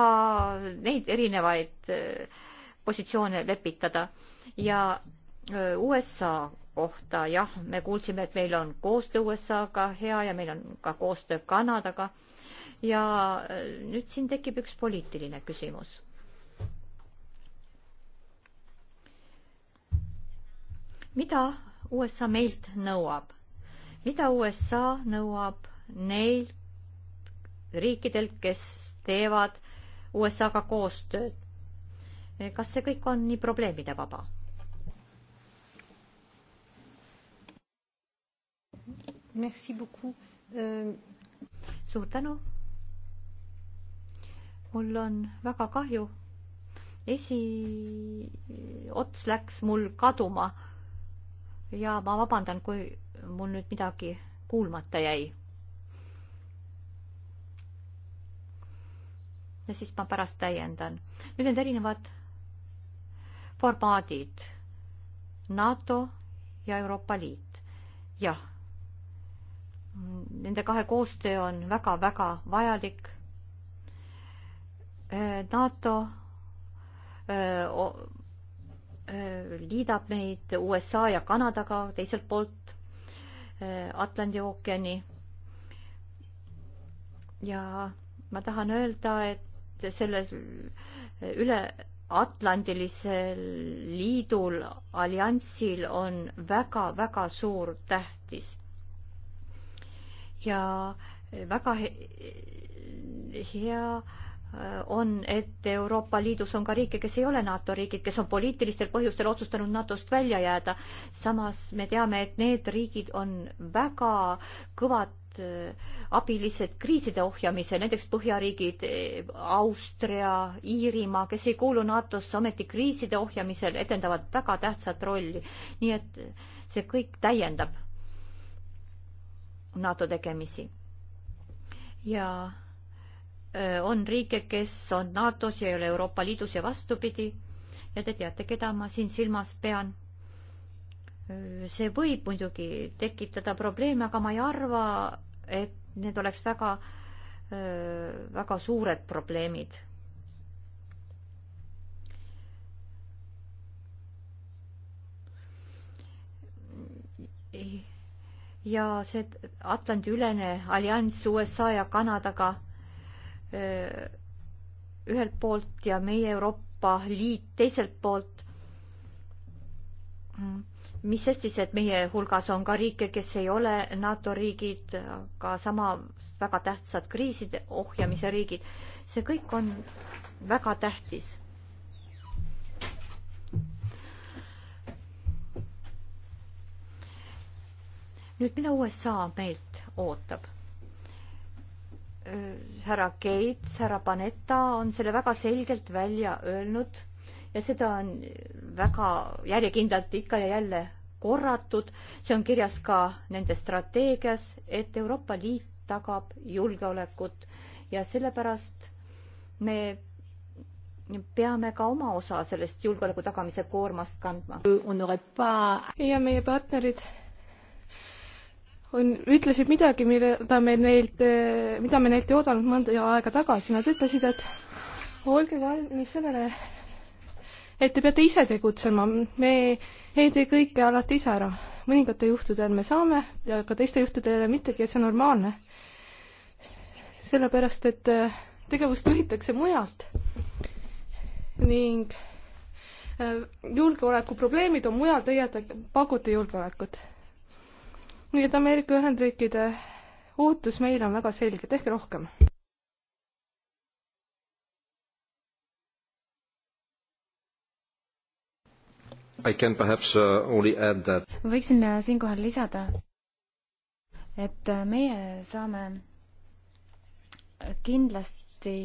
neid erinevaid äh, positsioone lepitada ja äh, USA kohta, jah, me kuulsime, et meil on koostöö USA-ga hea ja meil on ka koostöö Kanadaga. ja nüüd siin tekib üks poliitiline küsimus. mida USA meilt nõuab? mida USA nõuab neilt riikidelt, kes teevad USA-ga koostööd? kas see kõik on nii probleemide vaba? Merci beaucoup. Euh, suur tänu. mul on väga kahju. esiots läks mul kaduma ja ma vabandan, kui mul nüüd midagi kuulmata jäi. ja siis ma pärast täiendan. nüüd need erinevad formaadid. NATO ja Euroopa Liit. jah, nende kahe koostöö on väga-väga vajalik. Äh, NATO äh, liidab meid USA ja Kanadaga, teiselt poolt äh, Atlandi ookeani. ja ma tahan öelda, et sellel äh, üleatlandilisel liidul, alliansil on väga-väga suur tähtis. ja väga he hea on, et Euroopa Liidus on ka riike, kes ei ole NATO riigid, kes on poliitilistel põhjustel otsustanud NATO-st välja jääda. samas me teame, et need riigid on väga kõvad äh, abilised kriiside ohjamisel, näiteks põhjariigid äh, Austria, Iirimaa, kes ei kuulu NATO-sse, ometi kriiside ohjamisel etendavad väga tähtsat rolli. nii et see kõik täiendab NATO tegemisi. ja on riike, kes on NATO-s ja ei ole Euroopa Liidus ja vastupidi. ja te teate, keda ma siin silmas pean see võib muidugi tekitada probleeme, aga ma ei arva, et need oleks väga, väga suured probleemid. ja see Atlandi-ülene allianss USA ja Kanadaga ühelt poolt ja meie Euroopa Liit teiselt poolt. Mm, mis sest siis, et meie hulgas on ka riike, kes ei ole NATO riigid, aga samas väga tähtsad kriiside ohjamise riigid. see kõik on väga tähtis. nüüd mida USA meilt ootab? härra Gates, härra Panetta on selle väga selgelt välja öelnud ja seda on väga järjekindlalt ikka ja jälle korratud. see on kirjas ka nende strateegias, et Euroopa Liit tagab julgeolekut ja sellepärast me peame ka oma osa sellest julgeoleku tagamise koormast kandma. ja meie partnerid on, ütlesid midagi, mida me neilt, mida me neilt ei oodanud mõnda aega tagasi, nad ütlesid, et olge valmis sellele, et te peate ise tegutsema, me ei tee kõike alati ise ära. mõningatel juhtudel me saame ja ka teiste juhtudel mittegi ja see on normaalne. sellepärast, et äh, tegevust juhitakse mujalt ning äh, julgeolekuprobleemid on mujal, teie pakute julgeolekut nii et Ameerika Ühendriikide ootus meile on väga selge, tehke rohkem. I can perhaps uh, only add that võiksin uh, siinkohal lisada, et uh, meie saame kindlasti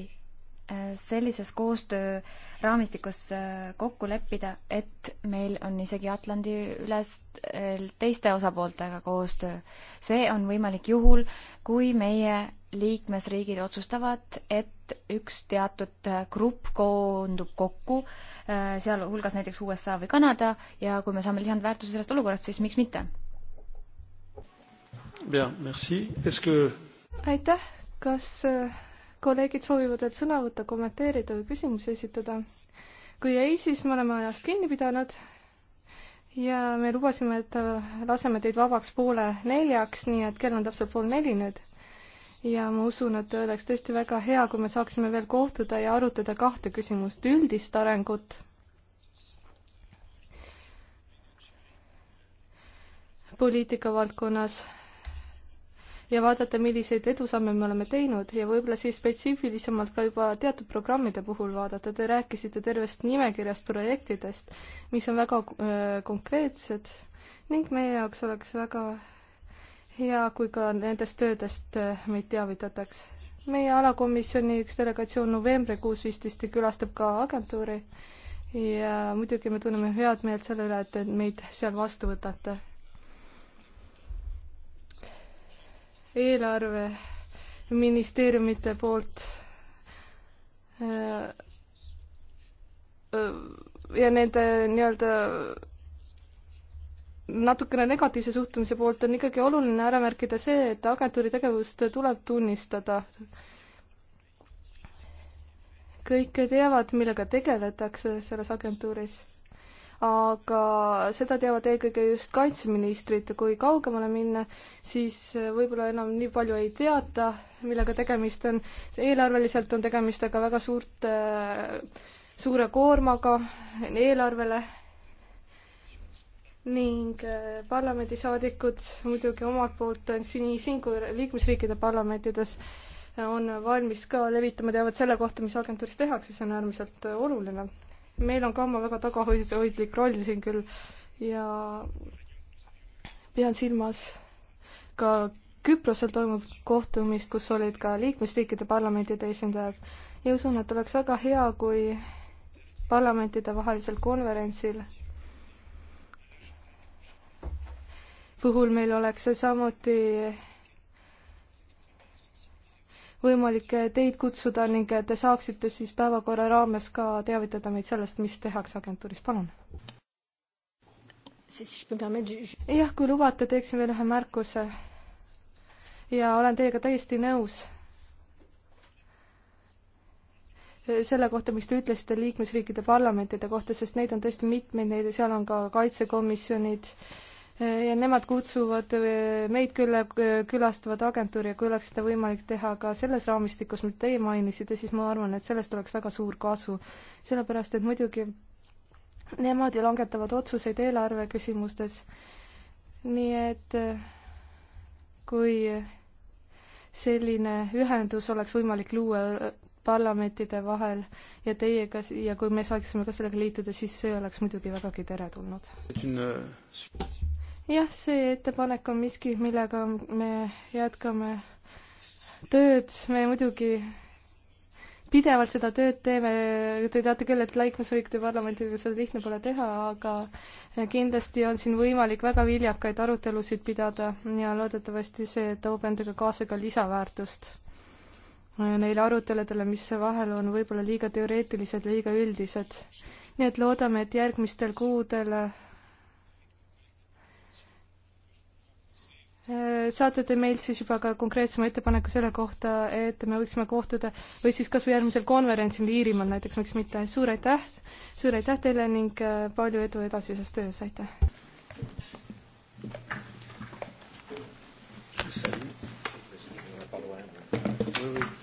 sellises koostööraamistikus äh, kokku leppida, et meil on isegi Atlandi üles äh, teiste osapooltega koostöö. see on võimalik juhul, kui meie liikmesriigid otsustavad, et üks teatud äh, grupp koondub kokku, sealhulgas näiteks USA või Kanada, ja kui me saame lisandväärtuse sellest olukorrast, siis miks mitte? Que... aitäh, kas kolleegid soovivad veel sõna võtta, kommenteerida või küsimusi esitada. kui ei, siis me oleme ajast kinni pidanud ja me lubasime, et laseme teid vabaks poole neljaks, nii et kell on täpselt pool neli nüüd. ja ma usun, et oleks tõesti väga hea, kui me saaksime veel kohtuda ja arutada kahte küsimust, üldist arengut poliitika valdkonnas ja vaadata, milliseid edusamme me oleme teinud ja võib-olla siis spetsiifilisemalt ka juba teatud programmide puhul vaadata. Te rääkisite tervest nimekirjast projektidest, mis on väga äh, konkreetsed ning meie jaoks oleks väga hea, kui ka nendest töödest äh, meid teavitataks. meie alakomisjoni üks delegatsioon novembrikuus vist külastab ka agentuuri ja muidugi me tunneme head meelt selle üle, et meid seal vastu võtate. eelarveministeeriumite poolt äh, äh, ja nende nii-öelda natukene negatiivse suhtumise poolt on ikkagi oluline ära märkida see, et agentuuri tegevust tuleb tunnistada. kõik teavad, millega tegeletakse selles agentuuris aga seda teavad eelkõige just kaitseministrid, kui kaugemale minna, siis äh, võib-olla enam nii palju ei teata, millega tegemist on. eelarveliselt on tegemist aga väga suurt, äh, suure koormaga eelarvele ning äh, parlamendisaadikud muidugi omalt poolt on siin, siin kui liikmesriikide parlamentides on valmis ka levitama teavet selle kohta, mis agentuuris tehakse, see on äärmiselt oluline meil on ka oma väga tagahoidlik roll siin küll ja pean silmas ka Küprosel toimunud kohtumist, kus olid ka liikmesriikide parlamentide esindajad ja usun, et oleks väga hea, kui parlamentidevahelisel konverentsil puhul meil oleks samuti võimalik teid kutsuda ning te saaksite siis päevakorra raames ka teavitada meid sellest, mis tehakse agentuuris, palun. jah, kui lubate, teeksin veel ühe märkuse. ja olen teiega täiesti nõus selle kohta, mis te ütlesite liikmesriikide parlamentide kohta, sest neid on tõesti mitmeid, neil seal on ka kaitsekomisjonid äh,, ja nemad kutsuvad äh, meid külla, külastavad agentuuri ja kui oleks seda võimalik teha ka selles raamistikus, mida teie mainisite, siis ma arvan, et sellest oleks väga suur kasu. sellepärast, et muidugi nemad ju langetavad otsuseid eelarve küsimustes. nii et äh, kui selline ühendus oleks võimalik luua äh, parlamentide vahel ja teiega ja kui me saaksime ka sellega liituda, siis see oleks muidugi vägagi teretulnud jah, see ettepanek on miski, millega me jätkame tööd, me muidugi pidevalt seda tööd teeme, te teate küll, et liikmesriikide parlamendidega seda lihtne pole teha, aga kindlasti on siin võimalik väga viljakaid arutelusid pidada ja loodetavasti see toob endaga kaasa ka lisaväärtust neile aruteludele, mis vahel on võib-olla liiga teoreetilised, liiga üldised. nii et loodame, et järgmistel kuudel Äh, saate te meilt siis juba ka konkreetsema ettepaneku selle kohta, et me võiksime kohtuda või siis kas või järgmisel konverentsil Iirimaal näiteks, miks mitte. suur aitäh, suur aitäh teile ning äh, palju edu edasises töös, aitäh! Thank you.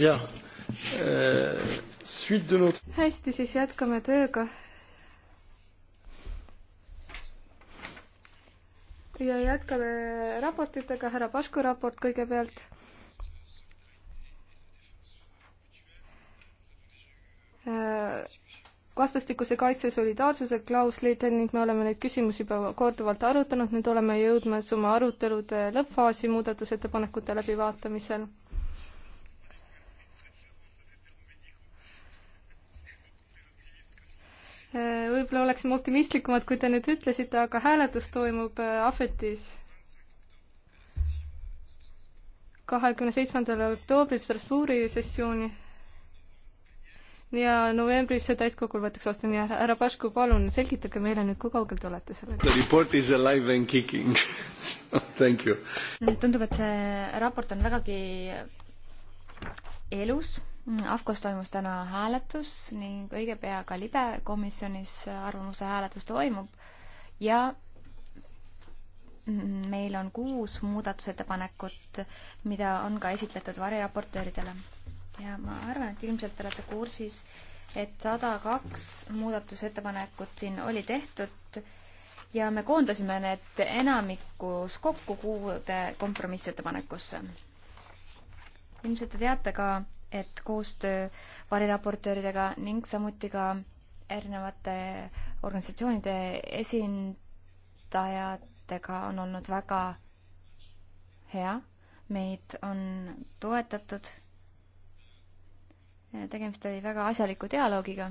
Euh, hästi, siis jätkame tööga. ja jätkame raportitega, härra Pašku raport kõigepealt. Äh, vastastikuse kaitse solidaarsuse klauslid ning me oleme neid küsimusi juba korduvalt arutanud, nüüd oleme jõudmas oma arutelude lõppfaasi muudatusettepanekute läbivaatamisel Äh, võib-olla oleksime optimistlikumad, kui te nüüd ütlesite, aga hääletus toimub äh, Ahvetis kahekümne seitsmendal oktoobril Strasbourgi sessiooni ja novembris see täiskogul võetakse vastu, nii härra Pašku, palun selgitage meile nüüd, kui kaugel te olete sellega? The report is alive and kicking Thank you. tundub, et see raport on vägagi elus AFCOs toimus täna hääletus ning õige pea ka libe komisjonis arvamuse hääletus toimub ja meil on kuus muudatusettepanekut, mida on ka esitletud variraportööridele. ja ma arvan, et ilmselt te olete kursis, et sada kaks muudatusettepanekut siin oli tehtud ja me koondasime need enamikus kokku kuude kompromissettepanekusse. ilmselt te teate ka, et koostöö variraportööridega ning samuti ka erinevate organisatsioonide esindajatega on olnud väga hea. meid on toetatud. tegemist oli väga asjaliku dialoogiga.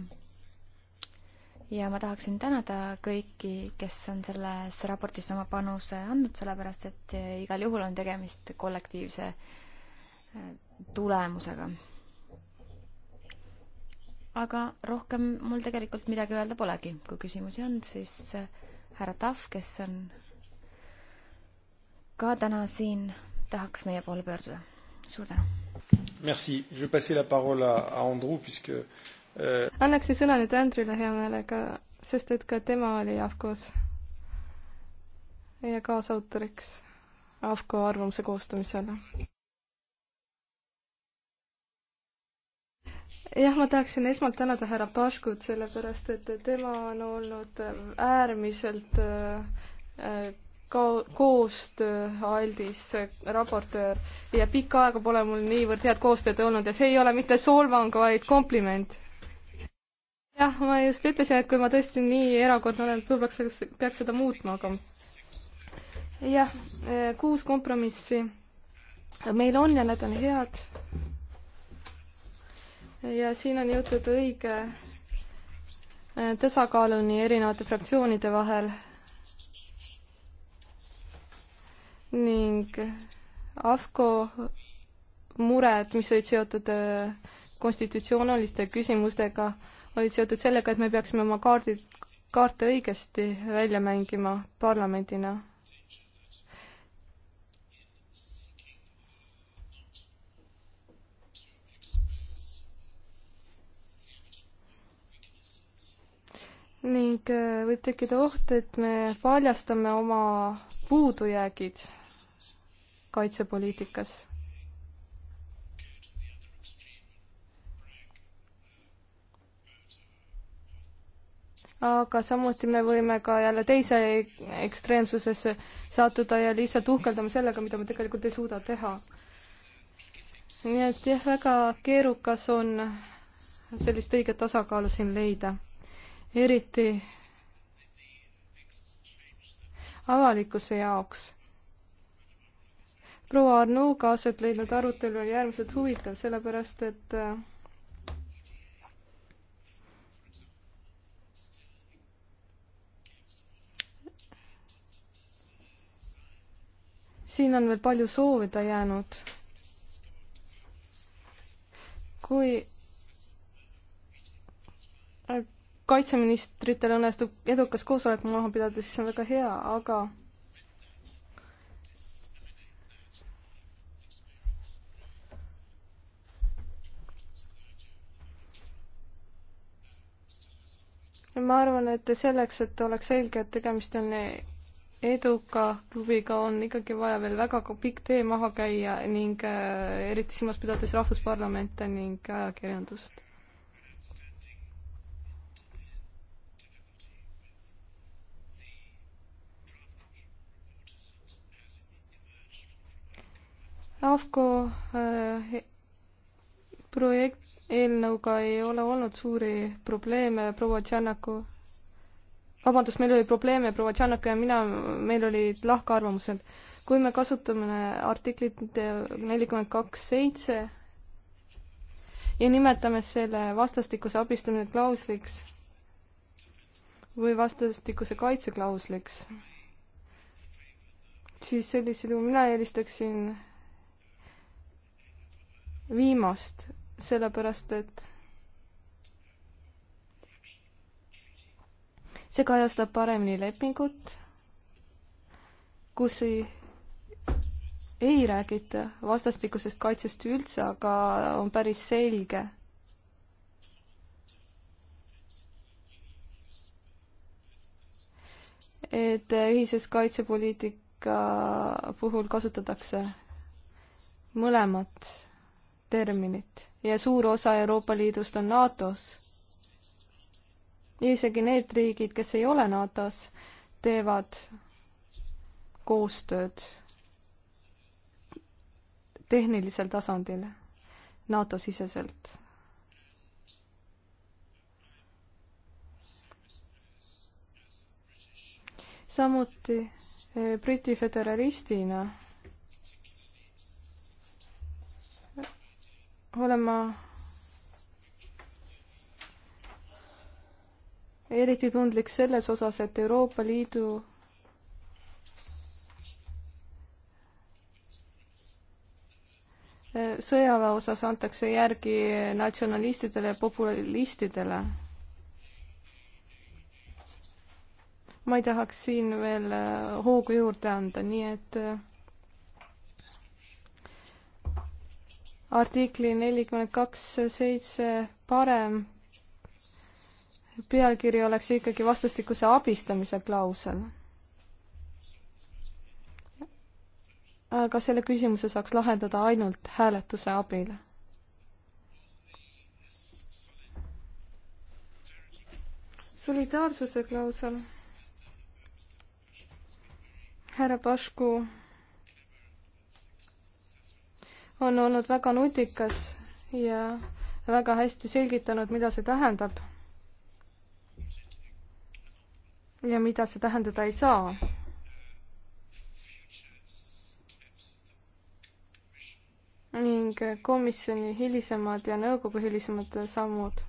ja ma tahaksin tänada kõiki, kes on selles raportis oma panuse andnud, sellepärast et igal juhul on tegemist kollektiivse äh, tulemusega aga rohkem mul tegelikult midagi öelda polegi. kui küsimusi on, siis äh, härra Tahv, kes on ka täna siin, tahaks meie poole pöörduda. suur tänu. Merci, je vais passer la parole à, à Andrew puisque euh.... annaksin sõna nüüd Andrewle hea meelega, sest et ka tema oli AFCO-s ja kaasautoriks AFCO arvamuse koostamisel. jah, ma tahaksin esmalt tänada härra Paškut, sellepärast et tema on olnud ähm, äärmiselt äh, äh, ka-, koostööaldis äh, raportöör ja pikka aega pole mul niivõrd head koostööd olnud ja see ei ole mitte solvang, vaid kompliment. jah, ma just ütlesin, et kui ma tõesti nii erakordne olen, võib-olla peaks, peaks seda muutma, aga jah, kuus kompromissi meil on ja need on head ja siin on jõutud õige eh, tasakaaluni erinevate fraktsioonide vahel ning AFCO mured, mis olid seotud eh, konstitutsiooniliste küsimustega, olid seotud sellega, et me peaksime oma kaardid, kaarte õigesti välja mängima parlamendina ning äh, võib tekkida oht, et me paljastame oma puudujäägid kaitsepoliitikas. aga samuti me võime ka jälle teise ekstreemsusesse sattuda ja lihtsalt uhkeldame sellega, mida me tegelikult ei suuda teha. nii et jah, väga keerukas on sellist õiget tasakaalu siin leida eriti avalikkuse jaoks. proua Arnuga aset leidnud arutelu oli äärmiselt huvitav, sellepärast et äh, siin on veel palju soovida jäänud. kui äh, kaitseministritel õnnestub edukas koosolek maha pidada, siis see on väga hea, aga ma arvan, et selleks, et oleks selge, et tegemist on eduka klubiga, on ikkagi vaja veel väga pikk tee maha käia ning äh, eriti silmas pidades rahvusparlamente ning ajakirjandust AFCO äh, e-, projekt eelnõuga ei ole olnud suuri probleeme proua Tšernaku vabandust, meil oli probleeme proua Tšannaka ja mina, meil olid lahkarvamused. kui me kasutame artiklit nelikümmend kaks seitse ja nimetame selle vastastikuse abistamise klausliks või vastastikuse kaitse klausliks, siis sellisel juhul mina eelistaksin viimast, sellepärast et see kajastab paremini lepingut, kus ei, ei räägita vastastikusest kaitsest üldse, aga on päris selge. et ühises kaitsepoliitika puhul kasutatakse mõlemat terminit ja suur osa Euroopa Liidust on NATO-s. isegi need riigid, kes ei ole NATO-s, teevad koostööd tehnilisel tasandil NATO-siseselt. samuti eh, Briti föderalistina olema eriti tundlik selles osas, et Euroopa Liidu sõjaväe osas antakse järgi natsionalistidele ja populistidele. ma ei tahaks siin veel hoogu juurde anda, nii et artikli nelikümmend kaks seitse parem pealkiri oleks ikkagi vastastikuse abistamise klausel. aga selle küsimuse saaks lahendada ainult hääletuse abil. solidaarsuse klausel. härra Pašku on olnud väga nutikas ja väga hästi selgitanud, mida see tähendab. ja mida see tähendada ei saa. ning komisjoni hilisemad ja nõukogu hilisemad sammud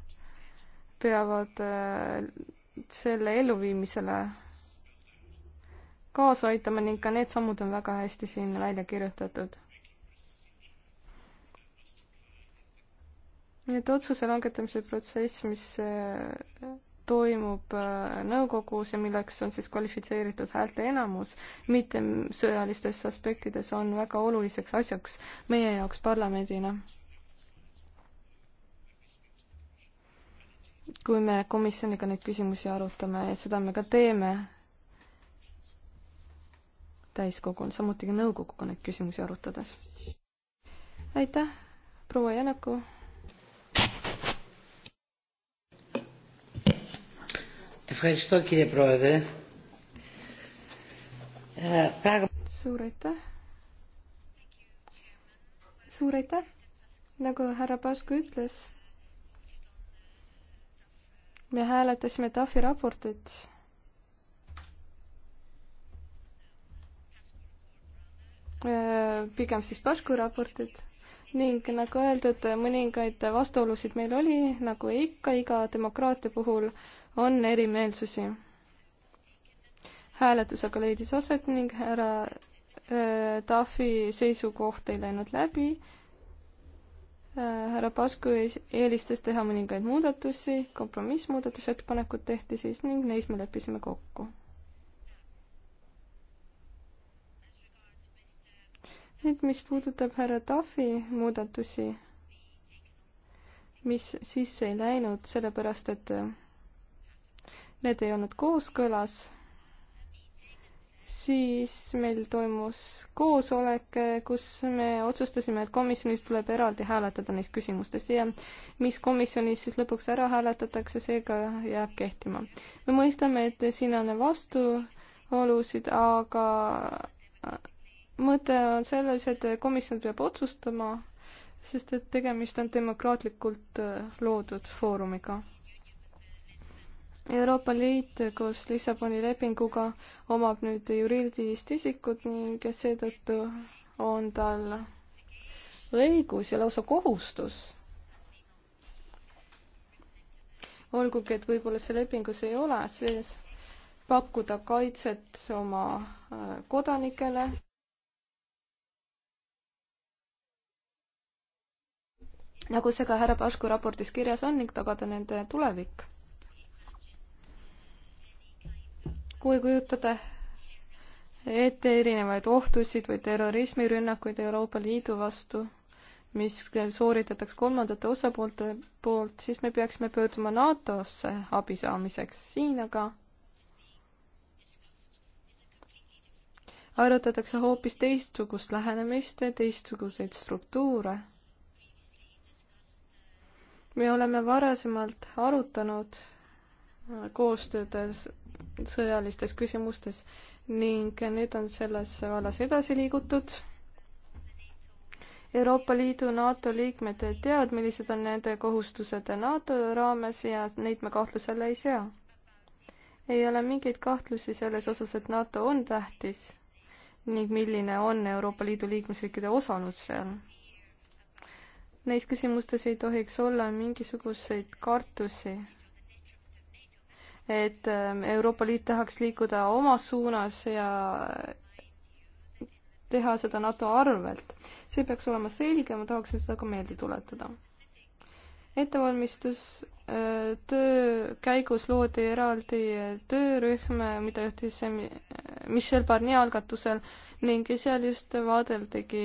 peavad äh, selle elluviimisele kaasa aitama ning ka need sammud on väga hästi siin välja kirjutatud nii et otsuse langetamise protsess, mis äh, toimub äh, nõukogus ja milleks on siis kvalifitseeritud häälteenamus, mitte sõjalistes aspektides, on väga oluliseks asjaks meie jaoks parlamendina. kui me komisjoniga neid küsimusi arutame ja seda me ka teeme täiskogul, samuti ka nõukoguga neid küsimusi arutades. aitäh, proua Jänaku! Ευχαριστώ κύριε Πρόεδρε. Suur aitäh. suur aitäh, nagu härra Pasku ütles. me hääletasime TAFi raportit. Äh, pigem siis Pasku raportit ning nagu öeldud, mõningaid vastuolusid meil oli, nagu ikka iga demokraatia puhul on erimeelsusi. hääletus aga leidis aset ning härra äh, Tafi seisukoht ei läinud läbi äh,. härra Pasku eelistas teha mõningaid muudatusi, kompromissmuudatusettepanekud tehti siis ning neis me leppisime kokku nüüd, mis puudutab härra Tafi muudatusi, mis sisse ei läinud, sellepärast et need ei olnud kooskõlas, siis meil toimus koosolek, kus me otsustasime, et komisjonis tuleb eraldi hääletada neis küsimustes ja mis komisjonis siis lõpuks ära hääletatakse, seega jääb kehtima. me mõistame, et siin on vastuolusid, aga mõte on selles, et komisjon peab otsustama, sest et tegemist on demokraatlikult loodud foorumiga Euroopa Liit koos Lissaboni lepinguga omab nüüd juriidilist isikut ning seetõttu on tal õigus ja lausa kohustus. olgugi, et võib-olla see lepingus ei ole sees, pakkuda kaitset oma äh, kodanikele nagu see ka härra Pašku raportis kirjas on ning tagada nende tulevik. kui kujutada ette erinevaid ohtusid või terrorismirünnakuid Euroopa Liidu vastu, mis sooritatakse kolmandate osapoolte poolt, siis me peaksime pöörduma NATO-sse abi saamiseks, siin aga arutatakse hoopis teistsugust lähenemist, teistsuguseid struktuure. me oleme varasemalt arutanud koostööd sõjalistes küsimustes ning nüüd on selles vallas edasi liigutud. Euroopa Liidu NATO liikmed teavad, millised on nende kohustused NATO raames ja neid me kahtluse alla ei sea. ei ole mingeid kahtlusi selles osas, et NATO on tähtis ning milline on Euroopa Liidu liikmesriikide osalus seal. Neis küsimustes ei tohiks olla mingisuguseid kartusi et ähm, Euroopa Liit tahaks liikuda omas suunas ja teha seda NATO arvelt. see peaks olema selge, ma tahaksin seda ka meelde tuletada. ettevalmistustöö äh, käigus loodi eraldi äh, töörühm, mida juhtis äh, Michel Barnier algatusel ning seal just vaadeldigi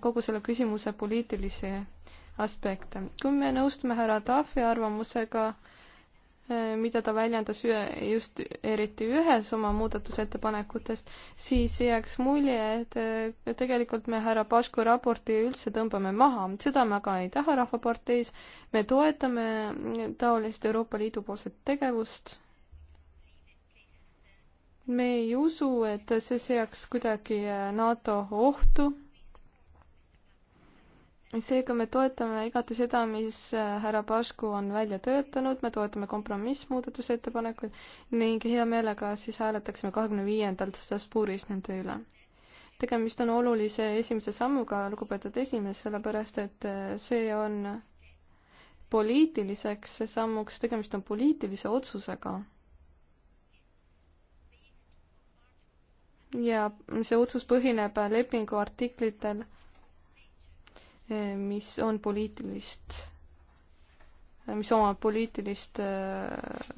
kogu selle küsimuse poliitilisi aspekte. kui me nõustume härra Tafi arvamusega, Äh, mida ta väljendas just eriti ühes oma muudatusettepanekutest, siis jääks mulje, et äh, tegelikult me härra Pašku raporti üldse tõmbame maha, seda me aga ei taha Rahvaparteis. me toetame taolist Euroopa Liidu poolset tegevust. me ei usu, et see seaks kuidagi äh, NATO ohtu seega me toetame igati seda, mis äh, härra Pašku on välja töötanud, me toetame kompromissmuudatusettepanekuid ning hea meelega siis hääletaksime kahekümne viiendal Strasbourgis nende üle. tegemist on olulise esimese sammuga, lugupeetud esimees, sellepärast et äh, see on poliitiliseks sammuks, tegemist on poliitilise otsusega. ja see otsus põhineb lepingu artiklitel Eh, mis on poliitilist, mis omab poliitilist eh,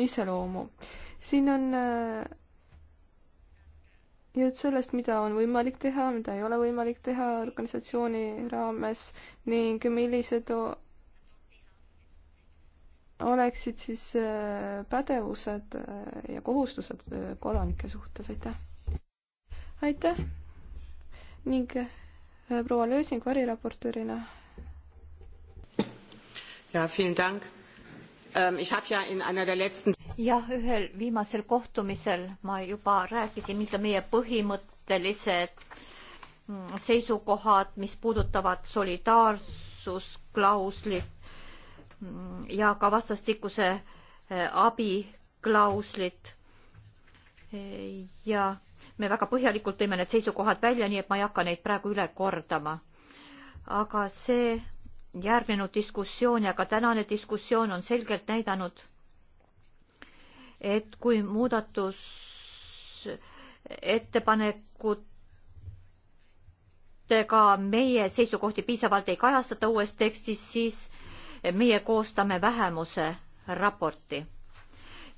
iseloomu. siin on eh, jutt sellest, mida on võimalik teha, mida ei ole võimalik teha organisatsiooni raames ning millised oleksid siis pädevused ja kohustused kodanike suhtes, aitäh! aitäh! ning äh, proua Lösing variraportöörina. ja, ähm, jah, ühel viimasel kohtumisel ma juba rääkisin, mis on meie põhimõttelised mm, seisukohad, mis puudutavad solidaarsusklauslit mm, ja ka vastastikuse äh, abiklauslit ja me väga põhjalikult tõime need seisukohad välja, nii et ma ei hakka neid praegu üle kordama. aga see järgnenud diskussioon ja ka tänane diskussioon on selgelt näidanud, et kui muudatusettepanekutega meie seisukohti piisavalt ei kajastata uues tekstis, siis meie koostame vähemuse raporti.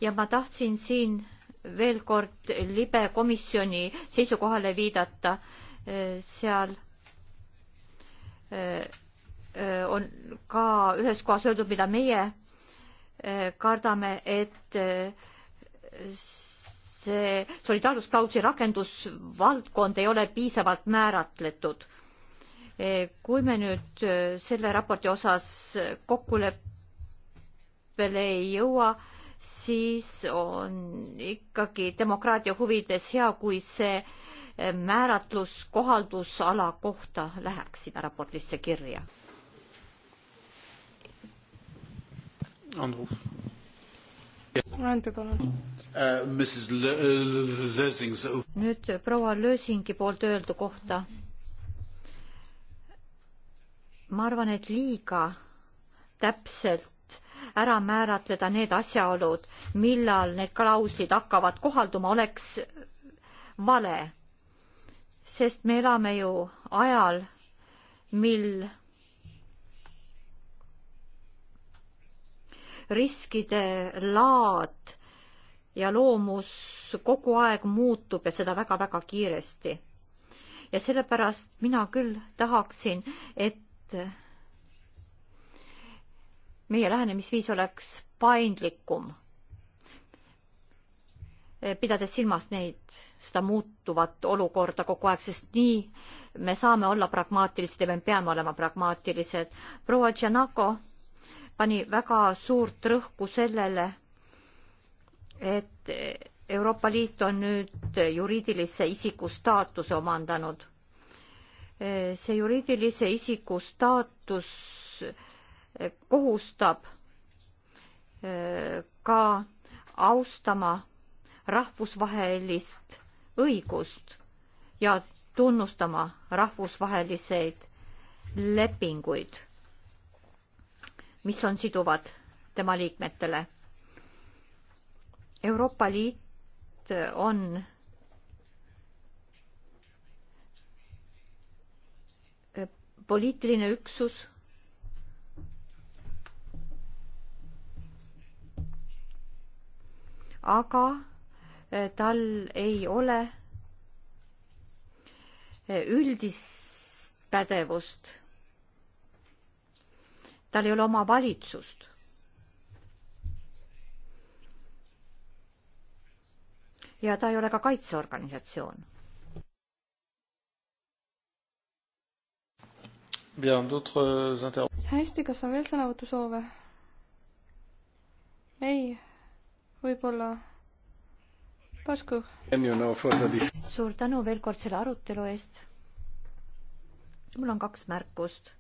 ja ma tahtsin siin veel kord libe komisjoni seisukohale viidata, seal eh, eh, on ka ühes kohas öeldud, mida meie eh, kardame, et see solidaarsusklausli rakendusvaldkond ei ole piisavalt määratletud. kui me nüüd selle raporti osas kokkuleppele ei jõua, siis on ikkagi demokraatia huvides hea, kui see eh, määratlus kohaldusala kohta läheks sinna raportisse kirja. Andrus. Andu, palun. Uh, uh. nüüd proua Lösingi poolt öeldu kohta. ma arvan, et liiga täpselt ära määratleda need asjaolud, millal need klauslid hakkavad kohalduma, oleks vale. sest me elame ju ajal, mil riskide laad ja loomus kogu aeg muutub ja seda väga-väga kiiresti. ja sellepärast mina küll tahaksin, et meie lähenemisviis oleks paindlikum, pidades silmas neid, seda muutuvat olukorda kogu aeg, sest nii me saame olla pragmaatilised ja me peame olema pragmaatilised. proua Tšanako pani väga suurt rõhku sellele, et Euroopa Liit on nüüd juriidilise isiku staatuse omandanud. see juriidilise isiku staatus kohustab eh, ka austama rahvusvahelist õigust ja tunnustama rahvusvaheliseid lepinguid, mis on siduvad tema liikmetele. Euroopa Liit on poliitiline üksus aga eh, tal ei ole eh, üldist pädevust. tal ei ole oma valitsust. ja ta ei ole ka kaitseorganisatsioon. hästi, kas on veel sõnavõtusoove? ei võib-olla Pasku. suur tänu veel kord selle arutelu eest. mul on kaks märkust.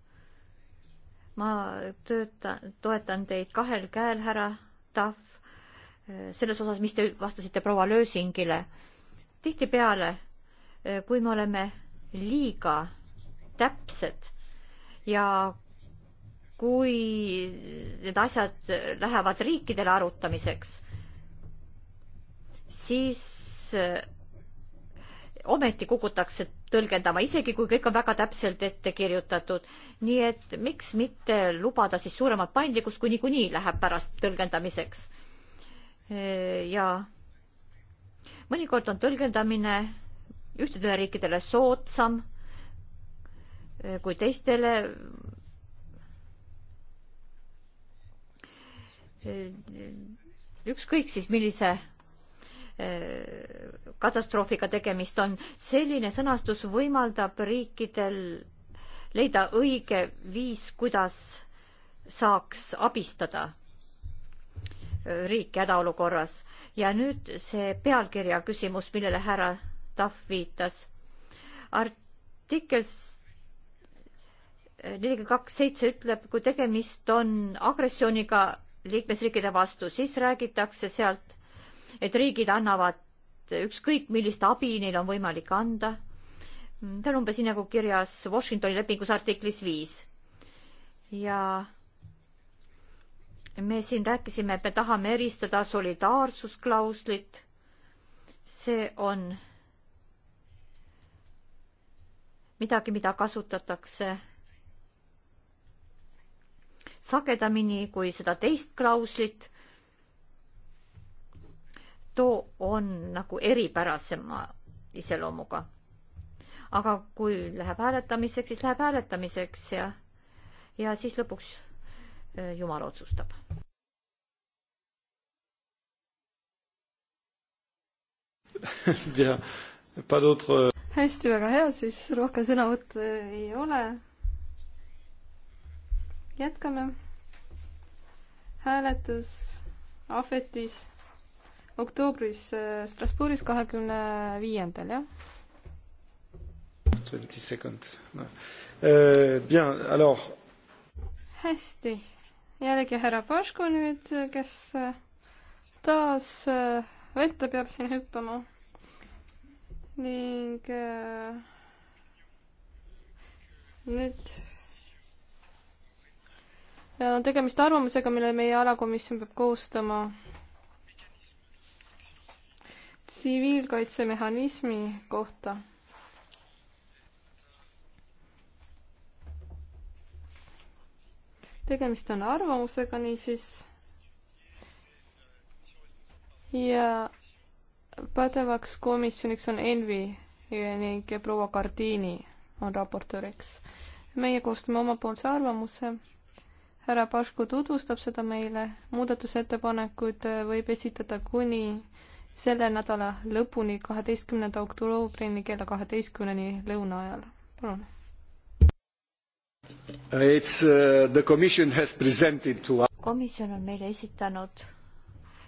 ma töötan, toetan teid kahel käel, härra Tahv, selles osas, mis te vastasite proua Lösingile. tihtipeale, kui me oleme liiga täpsed ja kui need asjad lähevad riikidele arutamiseks siis äh, ometi kogutakse tõlgendama, isegi kui kõik on väga täpselt ette kirjutatud. nii et miks mitte lubada siis suuremat paindlikkust, kui niikuinii läheb pärast tõlgendamiseks. Äh, ja mõnikord on tõlgendamine ühtedele riikidele soodsam äh, kui teistele. ükskõik siis millise Äh, katastroofiga tegemist on. selline sõnastus võimaldab riikidel leida õige viis, kuidas saaks abistada äh, riiki hädaolukorras. ja nüüd see pealkirja küsimus, millele härra Tahv viitas. artikkel nelikümmend kaks seitse ütleb, kui tegemist on agressiooniga liikmesriikide vastu, siis räägitakse sealt et riigid annavad ükskõik millist abi neil on võimalik anda. ta on umbes nii nagu kirjas Washingtoni lepingus artiklis viis. ja me siin rääkisime, et me tahame eristada solidaarsusklauslit. see on midagi, mida kasutatakse sagedamini kui seda teist klauslit too on nagu eripärasema iseloomuga. aga kui läheb hääletamiseks, siis läheb hääletamiseks ja, ja siis lõpuks äh, Jumal otsustab. Euh. hästi, väga hea, siis rohkem sõnavõtte äh, ei ole. jätkame. hääletus ahvetis oktoobris äh, Strasbourgis kahekümne viiendal, jah? twenty second no.. Euh, bien, alors. hästi, jällegi härra Pašku nüüd, kes äh, taas äh, vette peab siin hüppama ning nüüd on tegemist arvamusega, mille meie alakomisjon peab koostama tsiviilkaitsemehhanismi kohta. tegemist on arvamusega niisiis ja pädevaks komisjoniks on Envi ning proua Gardini on raportööriks. meie koostame omapoolse arvamuse. härra Pašku tutvustab seda meile, muudatusettepanekuid võib esitada kuni selle nädala lõpuni, kaheteistkümnenda oktoobrini kella kaheteistkümneni lõuna ajal. palun. It's uh, the commission has presented to us. komisjon on meile esitanud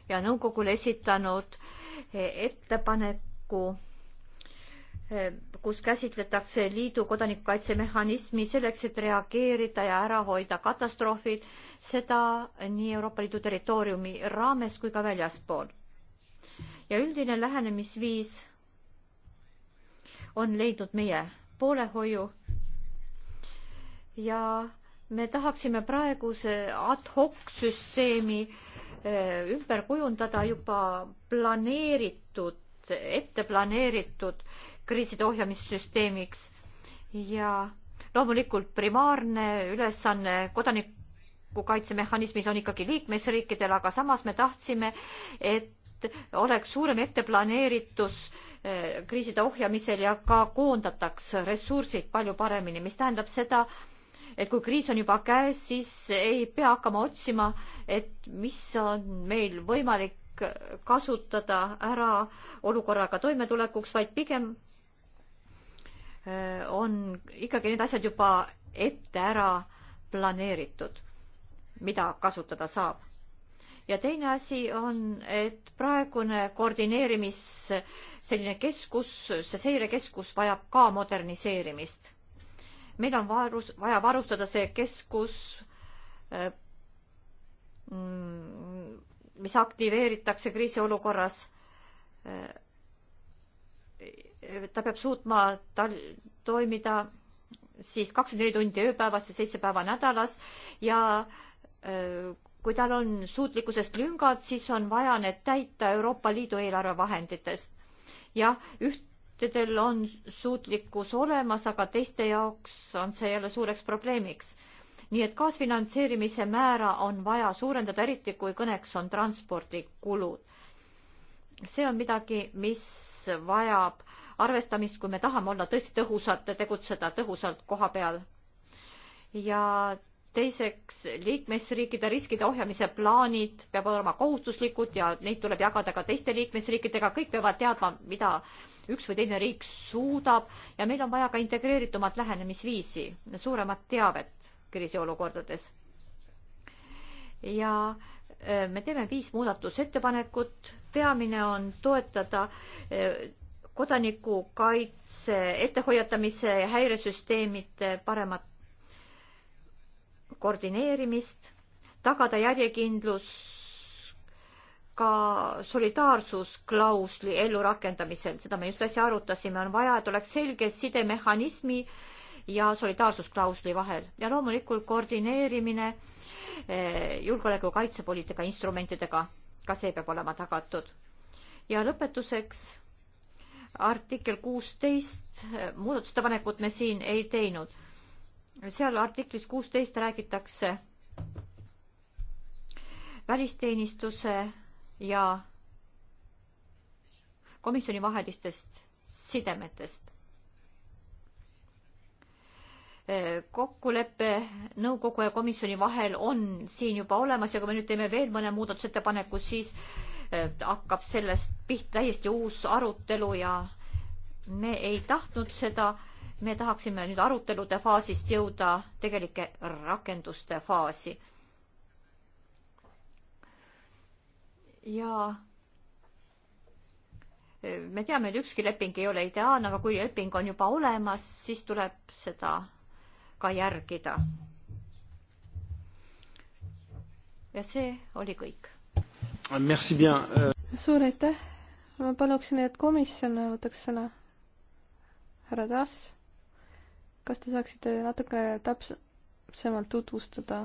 ja nõukogule esitanud eh, ettepaneku eh, kus käsitletakse liidu kodanikukaitsemehhanismi selleks, et reageerida ja ära hoida katastroofid, seda nii Euroopa Liidu territooriumi raames kui ka väljaspool ja üldine lähenemisviis on leidnud meie poolehoiu. ja me tahaksime praeguse ad hoc süsteemi eh, ümber kujundada juba planeeritud, ette planeeritud kriiside ohjamissüsteemiks ja loomulikult primaarne ülesanne kodanikukaitsemehhanismis on ikkagi liikmesriikidel, aga samas me tahtsime, et et oleks suurem etteplaneeritus eh, kriiside ohjamisel ja ka koondataks ressursid palju paremini, mis tähendab seda, et kui kriis on juba käes, siis ei pea hakkama otsima, et mis on meil võimalik kasutada ära olukorraga toimetulekuks, vaid pigem eh, on ikkagi need asjad juba ette ära planeeritud, mida kasutada saab ja teine asi on, et praegune koordineerimis selline keskus, see seirekeskus vajab ka moderniseerimist. meil on varus, vaja varustada see keskus, äh, mm, mis aktiveeritakse kriisiolukorras äh, ta peab suutma tal toimida siis kakskümmend neli tundi ööpäevas ja seitse päeva nädalas ja äh, kui tal on suutlikkusest lüngad, siis on vaja need täita Euroopa Liidu eelarvevahenditest. jah, ühtedel on suutlikkus olemas, aga teiste jaoks on see jälle suureks probleemiks. nii et kaasfinantseerimise määra on vaja suurendada, eriti kui kõneks on transpordikulud. see on midagi, mis vajab arvestamist, kui me tahame olla tõesti tõhusad, tegutseda tõhusalt koha peal. ja teiseks, liikmesriikide riskide ohjamise plaanid peavad olema kohustuslikud ja neid tuleb jagada ka teiste liikmesriikidega, kõik peavad teadma, mida üks või teine riik suudab ja meil on vaja ka integreeritumat lähenemisviisi, suuremat teavet kriisiolukordades. ja äh, me teeme viis muudatusettepanekut, peamine on toetada äh, kodanikukaitse ettehoiatamise ja häiresüsteemide paremat koordineerimist, tagada järjekindlus ka solidaarsusklausli ellurakendamisel, seda me just äsja arutasime, on vaja, et oleks selge sidemehhanismi ja solidaarsusklausli vahel ja loomulikult koordineerimine eh, julgeoleku kaitsepoliitika instrumentidega, ka see peab olema tagatud. ja lõpetuseks artikkel kuusteist, eh, muudatusettepanekut me siin ei teinud seal artiklis kuusteist räägitakse välisteenistuse ja komisjoni vahelistest sidemetest. kokkulepe nõukogu ja komisjoni vahel on siin juba olemas ja kui me nüüd teeme veel mõne muudatusettepaneku, siis eh, hakkab sellest pihta täiesti uus arutelu ja me ei tahtnud seda äh, me tahaksime nüüd arutelude faasist jõuda tegelike rakenduste faasi. ja me teame, et ükski leping ei ole ideaalne, aga kui leping on juba olemas, siis tuleb seda ka järgida. ja see oli kõik. suur aitäh. ma paluksin, et komisjon võtaks sõna. härra Taas kas te saaksite natuke täpsemalt tutvustada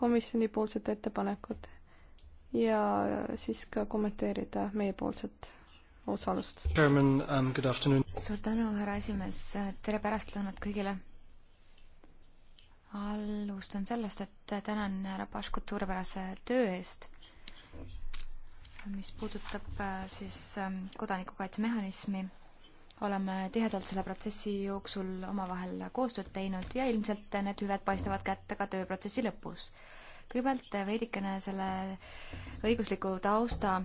komisjoni poolset ettepanekut ja siis ka kommenteerida meiepoolset osalust. Um, suur tänu, härra esimees, tere pärastlõunat kõigile! alustan sellest, et tänan härra Paškut suurepärase töö eest, mis puudutab äh, siis ähm, kodanikukaitsemehhanismi oleme tihedalt selle protsessi jooksul omavahel koostööd teinud ja ilmselt need hüved paistavad kätte ka tööprotsessi lõpus. kõigepealt veidikene selle õigusliku tausta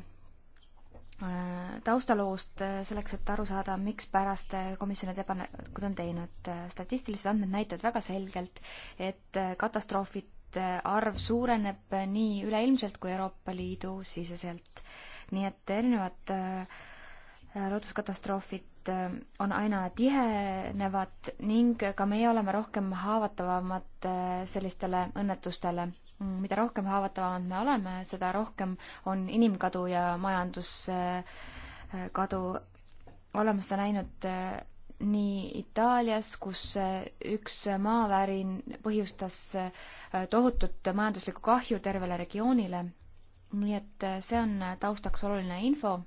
taustaloost selleks, et aru saada, mikspärast komisjonid ebanõudlikud on teinud. statistilised andmed näitavad väga selgelt, et katastroofide arv suureneb nii üleilmselt kui Euroopa Liidu siseselt. nii et erinevad looduskatastroofid suhted äh, on aina tihenevad ning ka meie oleme rohkem haavatavamad äh, sellistele õnnetustele. mida rohkem haavatavamad me oleme, seda rohkem on inimkadu ja majanduskadu. Äh, oleme seda näinud nii Itaalias, kus üks maavärin põhjustas tohutut majanduslikku kahju tervele regioonile. nii et see on taustaks oluline info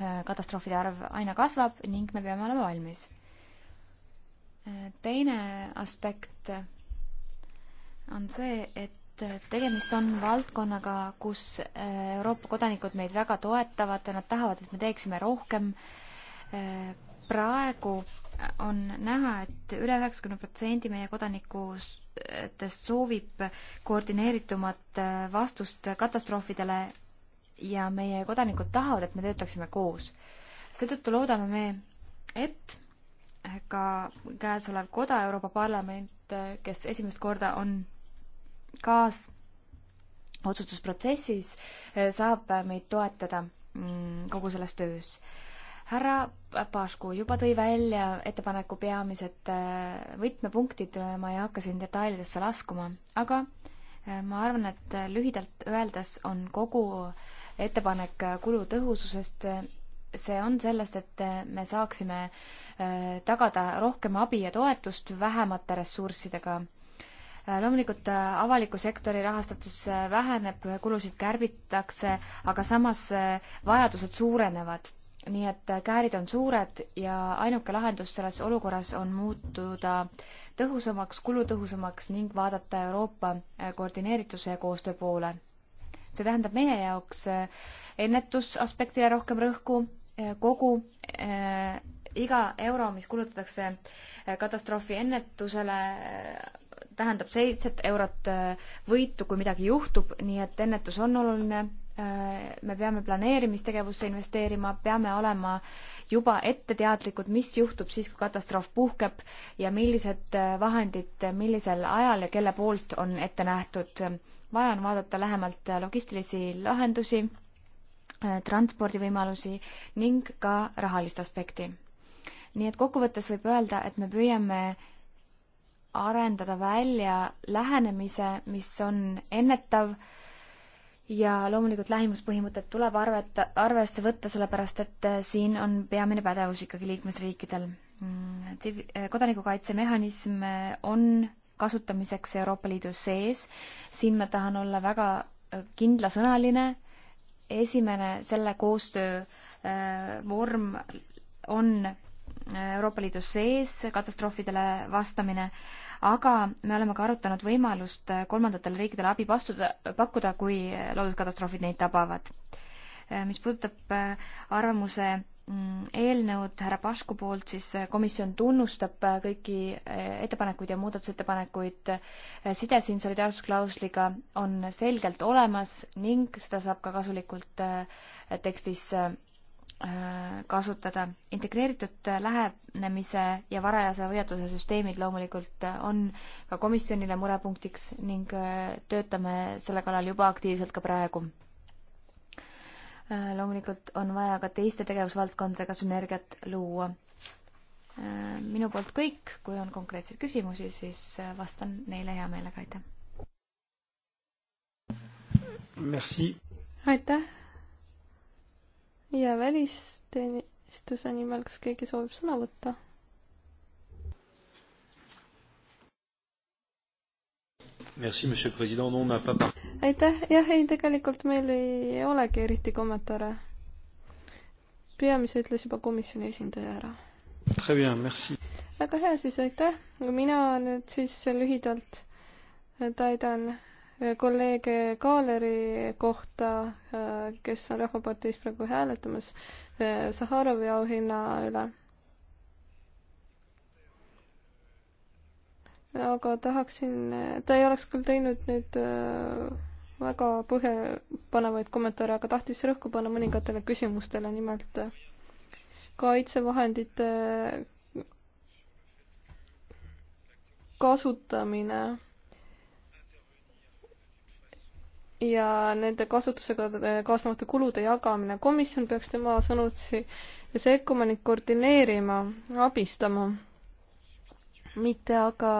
Äh, katastroofide arv aina kasvab ning me peame olema valmis. Äh, teine aspekt on see, et tegemist on valdkonnaga, kus äh, Euroopa kodanikud meid väga toetavad ja nad tahavad, et me teeksime rohkem. praegu on näha, et üle üheksakümne protsendi meie kodanikutest soovib koordineeritumat vastust katastroofidele ja meie kodanikud tahavad, et me töötaksime koos. seetõttu loodame me, et ka käesolev koda, Euroopa Parlament, kes esimest korda on kaas otsustusprotsessis, saab meid toetada mm, kogu selles töös. härra Pašku juba tõi välja ettepaneku peamised äh, võtmepunktid, äh, ma ei hakka siin detailidesse laskuma, aga äh, ma arvan, et lühidalt öeldes on kogu äh, ettepanek kulutõhususest, see on sellest, et me saaksime äh, tagada rohkem abi ja toetust vähemate ressurssidega. Äh, loomulikult äh, avaliku sektori rahastatus väheneb, kulusid kärbitakse, aga samas vajadused suurenevad nii et käärid on suured ja ainuke lahendus selles olukorras on muutuda tõhusamaks, kulutõhusamaks ning vaadata Euroopa koordineerituse ja koostöö poole see tähendab meie jaoks äh, ennetusaspektile rohkem rõhku, äh, kogu äh, iga euro, mis kulutatakse äh, katastroofi ennetusele, tähendab seitset eurot võitu, kui midagi juhtub, nii et ennetus on oluline. me peame planeerimistegevusse investeerima, peame olema juba ette teadlikud, mis juhtub siis, kui katastroof puhkeb ja millised vahendid, millisel ajal ja kelle poolt on ette nähtud vaja on vaadata lähemalt logistilisi lahendusi, äh, transpordivõimalusi ning ka rahalist aspekti. nii et kokkuvõttes võib öelda, et me püüame arendada välja lähenemise, mis on ennetav ja loomulikult lähimuspõhimõtet tuleb arveta, arvesse võtta, sellepärast et äh, siin on peamine pädevus ikkagi liikmesriikidel. Mm, äh, kodanikukaitsemehhanism on kasutamiseks Euroopa Liidu sees. siin ma tahan olla väga äh, kindlasõnaline. esimene selle koostöö äh, vorm on äh, Euroopa Liidu sees katastroofidele vastamine, aga me oleme ka arutanud võimalust kolmandatele riikidele abi vastuda, pakkuda, kui looduskatastroofid neid tabavad. mis puudutab arvamuse Mm, eelnõud härra Pašku poolt, siis äh, komisjon tunnustab äh, kõiki äh, ettepanekuid ja muudatusettepanekuid. side siin solidaarsusklausliga on selgelt olemas ning seda saab ka kasulikult tekstis kasutada. integreeritud lähenemise ja varajase hoiatuse süsteemid loomulikult on ka komisjonile murepunktiks ning töötame selle kallal juba aktiivselt ka praegu Äh, loomulikult on vaja ka teiste tegevusvaldkondadega sünergiat luua. Äh, minu poolt kõik, kui on konkreetseid küsimusi, siis äh, vastan neile hea meelega, aitäh. aitäh. ja välisteenistuse nimel, kas keegi soovib sõna võtta? Merci, Monsieur le Président. Non, on n'a pas parlé aitäh, jah, ei, tegelikult meil ei olegi eriti kommentaare. peamise ütles juba komisjoni esindaja ära. väga hea, siis aitäh. mina nüüd siis lühidalt täidan kolleeg Kaaleri kohta, kes on Rahvaparteis praegu hääletamas eh, Saharovi auhinna üle. aga tahaksin, ta ei oleks küll teinud nüüd eh, väga põhjapanevaid kommentaare, aga tahtis rõhku panna mõningatele küsimustele, nimelt kaitsevahendite kasutamine ja nende kasutusega eh, kaasnevate kulude jagamine. komisjon peaks tema sõnutsi sekkuma ning koordineerima, abistama, mitte aga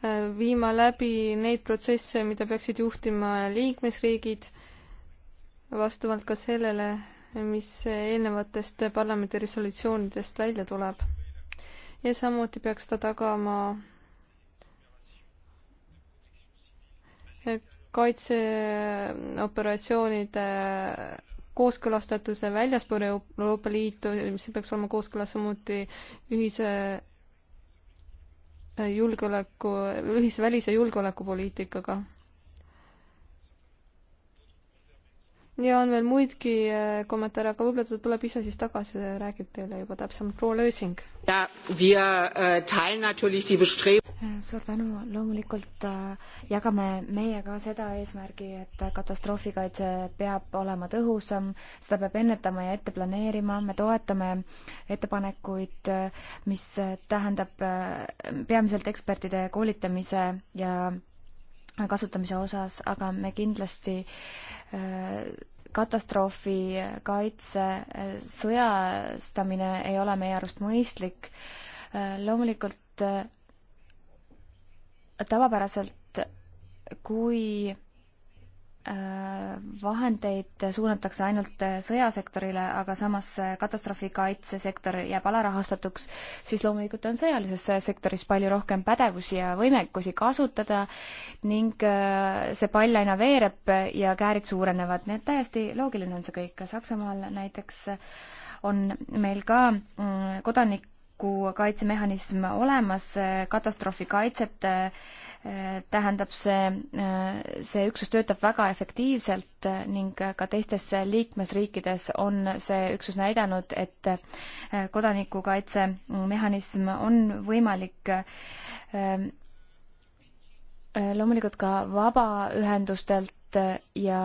Äh, viima läbi neid protsesse, mida peaksid juhtima liikmesriigid, vastavalt ka sellele, mis eelnevatest parlamendi resolutsioonidest välja tuleb. ja samuti peaks ta tagama äh, kaitseoperatsioonide kooskõlastatuse väljaspool Euroopa Liitu, mis peaks olema kooskõlas samuti ühise julgeoleku, ühise välis- ja julgeolekupoliitikaga ja on veel muidki eh, kommentaare, aga võib-olla ta tuleb ise siis tagasi ja räägib teile juba täpsemalt. proua Lösing. Äh, äh, suur tänu, loomulikult äh, jagame meie ka seda eesmärgi, et katastroofikaitse peab olema tõhusam, seda peab ennetama ja ette planeerima, me toetame ettepanekuid, mis tähendab peamiselt ekspertide koolitamise ja kasutamise osas, aga me kindlasti äh, katastroofi kaitse sõjastamine ei ole meie arust mõistlik. loomulikult tavapäraselt, kui vahendeid suunatakse ainult sõjasektorile, aga samas katastroofikaitsesektor jääb alarahastatuks, siis loomulikult on sõjalises sektoris palju rohkem pädevusi ja võimekusi kasutada ning äh, see pall aina veereb ja käärid suurenevad, nii et täiesti loogiline on see kõik. Saksamaal näiteks on meil ka mm, kodanik kaitsemehhanism olemas, katastroofikaitset äh, tähendab see, äh, see üksus töötab väga efektiivselt äh, ning ka teistes liikmesriikides on see üksus näidanud, et äh, kodanikukaitsemehhanism on võimalik loomulikult ka vabaühendustelt ja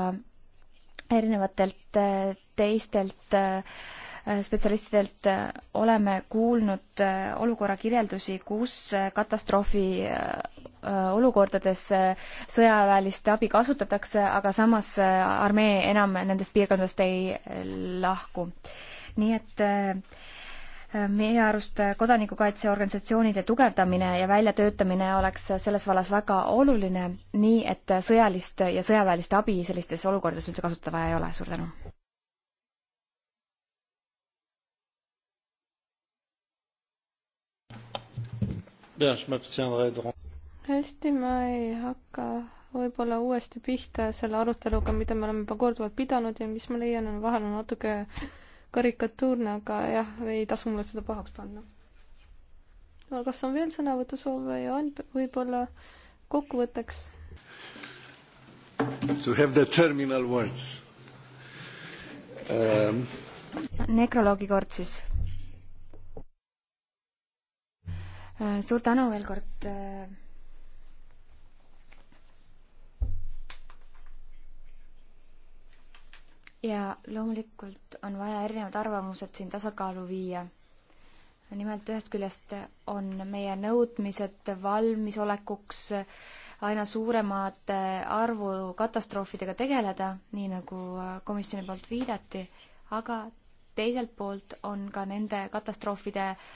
erinevatelt teistelt äh, spetsialistidelt äh, oleme kuulnud äh, olukorra kirjeldusi, kus äh, katastroofi olukordades sõjaväelist abi kasutatakse, aga samas armee enam nendest piirkondadest ei lahku. nii et meie arust kodanikukaitseorganisatsioonide tugevdamine ja väljatöötamine oleks selles vallas väga oluline, nii et sõjalist ja sõjaväelist abi sellistes olukordades üldse kasutada vaja ei ole. suur tänu! hästi, ma ei hakka võib-olla uuesti pihta selle aruteluga, mida me oleme juba korduvalt pidanud ja mis ma leian, on vahel on natuke karikatuurne, aga jah, ei tasu mulle seda pahaks panna. aga kas on veel sõnavõtusoove ja on võib-olla kokkuvõtteks? To have the terminal words um.... nekroloogi kord siis Äh, suur tänu veel kord. Äh, ja loomulikult on vaja erinevad arvamused siin tasakaalu viia. nimelt ühest küljest on meie nõudmised valmisolekuks aina suuremate arvu katastroofidega tegeleda, nii nagu äh, komisjoni poolt viidati, aga teiselt poolt on ka nende katastroofide äh,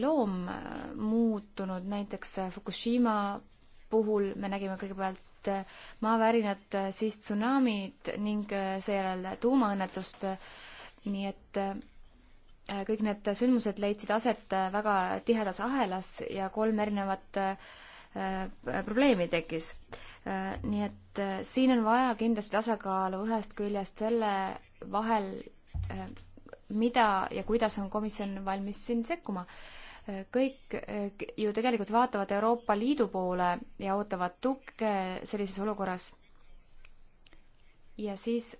loom äh, muutunud, näiteks äh, Fukushima puhul me nägime kõigepealt äh, maavärinat, siis tsunamid ning seejärel tuumaõnnetust, nii et kõik need sündmused leidsid aset väga tihedas ahelas ja kolm erinevat probleemi tekkis. nii et siin on vaja kindlasti tasakaalu ühest küljest selle vahel, mida ja kuidas on komisjon valmis siin sekkuma. kõik eh, ju tegelikult vaatavad Euroopa Liidu poole ja ootavad tuge sellises olukorras. ja siis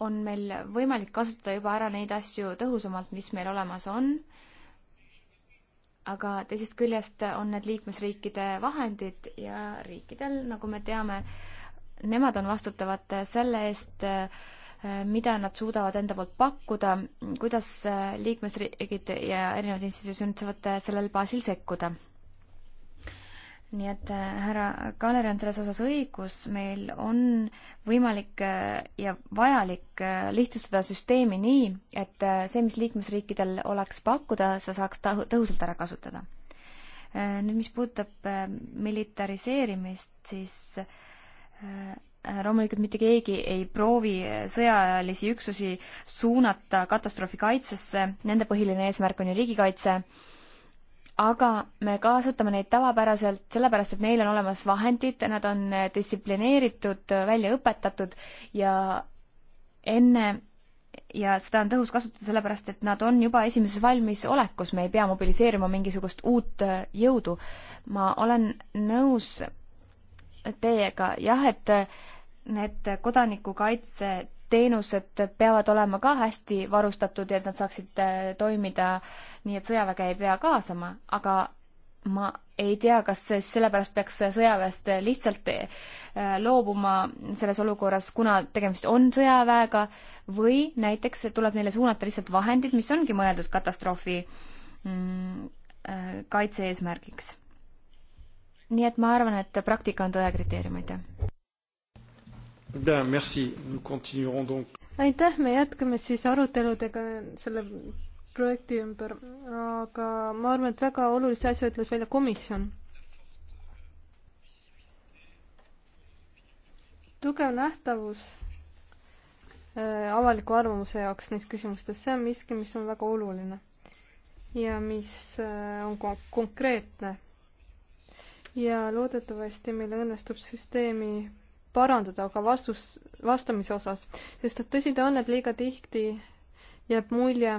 on meil võimalik kasutada juba ära neid asju tõhusamalt, mis meil olemas on. aga teisest küljest on need liikmesriikide vahendid ja riikidel, nagu me teame, nemad on vastutavad selle eest äh, Äh, mida nad suudavad enda poolt pakkuda, kuidas äh, liikmesriigid ja erinevad institutsioonid saavad äh, sellel baasil sekkuda. nii et härra Kaleri on selles osas õigus, meil on võimalik ja vajalik lihtsustada süsteemi nii, et see, mis liikmesriikidel oleks pakkuda, sa saaks tõhusalt ära kasutada. nüüd, mis puudutab militariseerimist, siis Äh, loomulikult mitte keegi ei proovi sõjaväelisi üksusi suunata katastroofikaitsesse, nende põhiline eesmärk on ju riigikaitse, aga me kasutame neid tavapäraselt, sellepärast et neil on olemas vahendid, nad on distsiplineeritud, välja õpetatud ja enne ja seda on tõhus kasutada sellepärast, et nad on juba esimeses valmisolekus, me ei pea mobiliseerima mingisugust uut äh, jõudu. ma olen nõus teiega, jah, et äh, need kodanikukaitseteenused peavad olema ka hästi varustatud ja et nad saaksid äh, toimida nii, et sõjaväge ei pea kaasama, aga ma ei tea, kas sellepärast peaks sõjaväest lihtsalt äh, loobuma selles olukorras, kuna tegemist on sõjaväega, või näiteks tuleb neile suunata lihtsalt vahendid, mis ongi mõeldud katastroofi mm, äh, kaitse eesmärgiks. nii et ma arvan, et praktika on tõe kriteerium, aitäh aitäh, me jätkame siis aruteludega selle projekti ümber, aga ma arvan, et väga olulise asja ütles välja komisjon. tugev nähtavus äh, avaliku arvamuse jaoks neis küsimustes, see on miski, mis on väga oluline ja mis äh, on konkreetne. ja loodetavasti meil õnnestub süsteemi parandada ka vastus, vastamise osas, sest et tõsi ta on, et liiga tihti jääb mulje,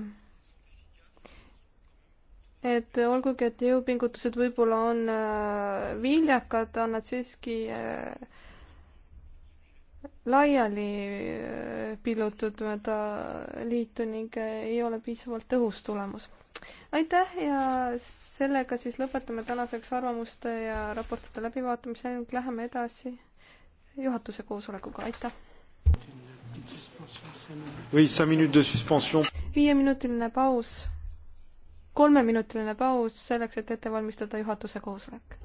et olgugi, et jõupingutused võib-olla on äh, viljakad, on nad siiski äh, laiali äh, pillutud mööda liitu ning äh, ei ole piisavalt tõhus tulemus. aitäh ja sellega siis lõpetame tänaseks arvamuste ja raportite läbivaatamise ning läheme edasi juhatuse koosolekuga, aitäh! viieminutiline paus, kolmeminutiline paus selleks, et ette valmistada juhatuse koosolek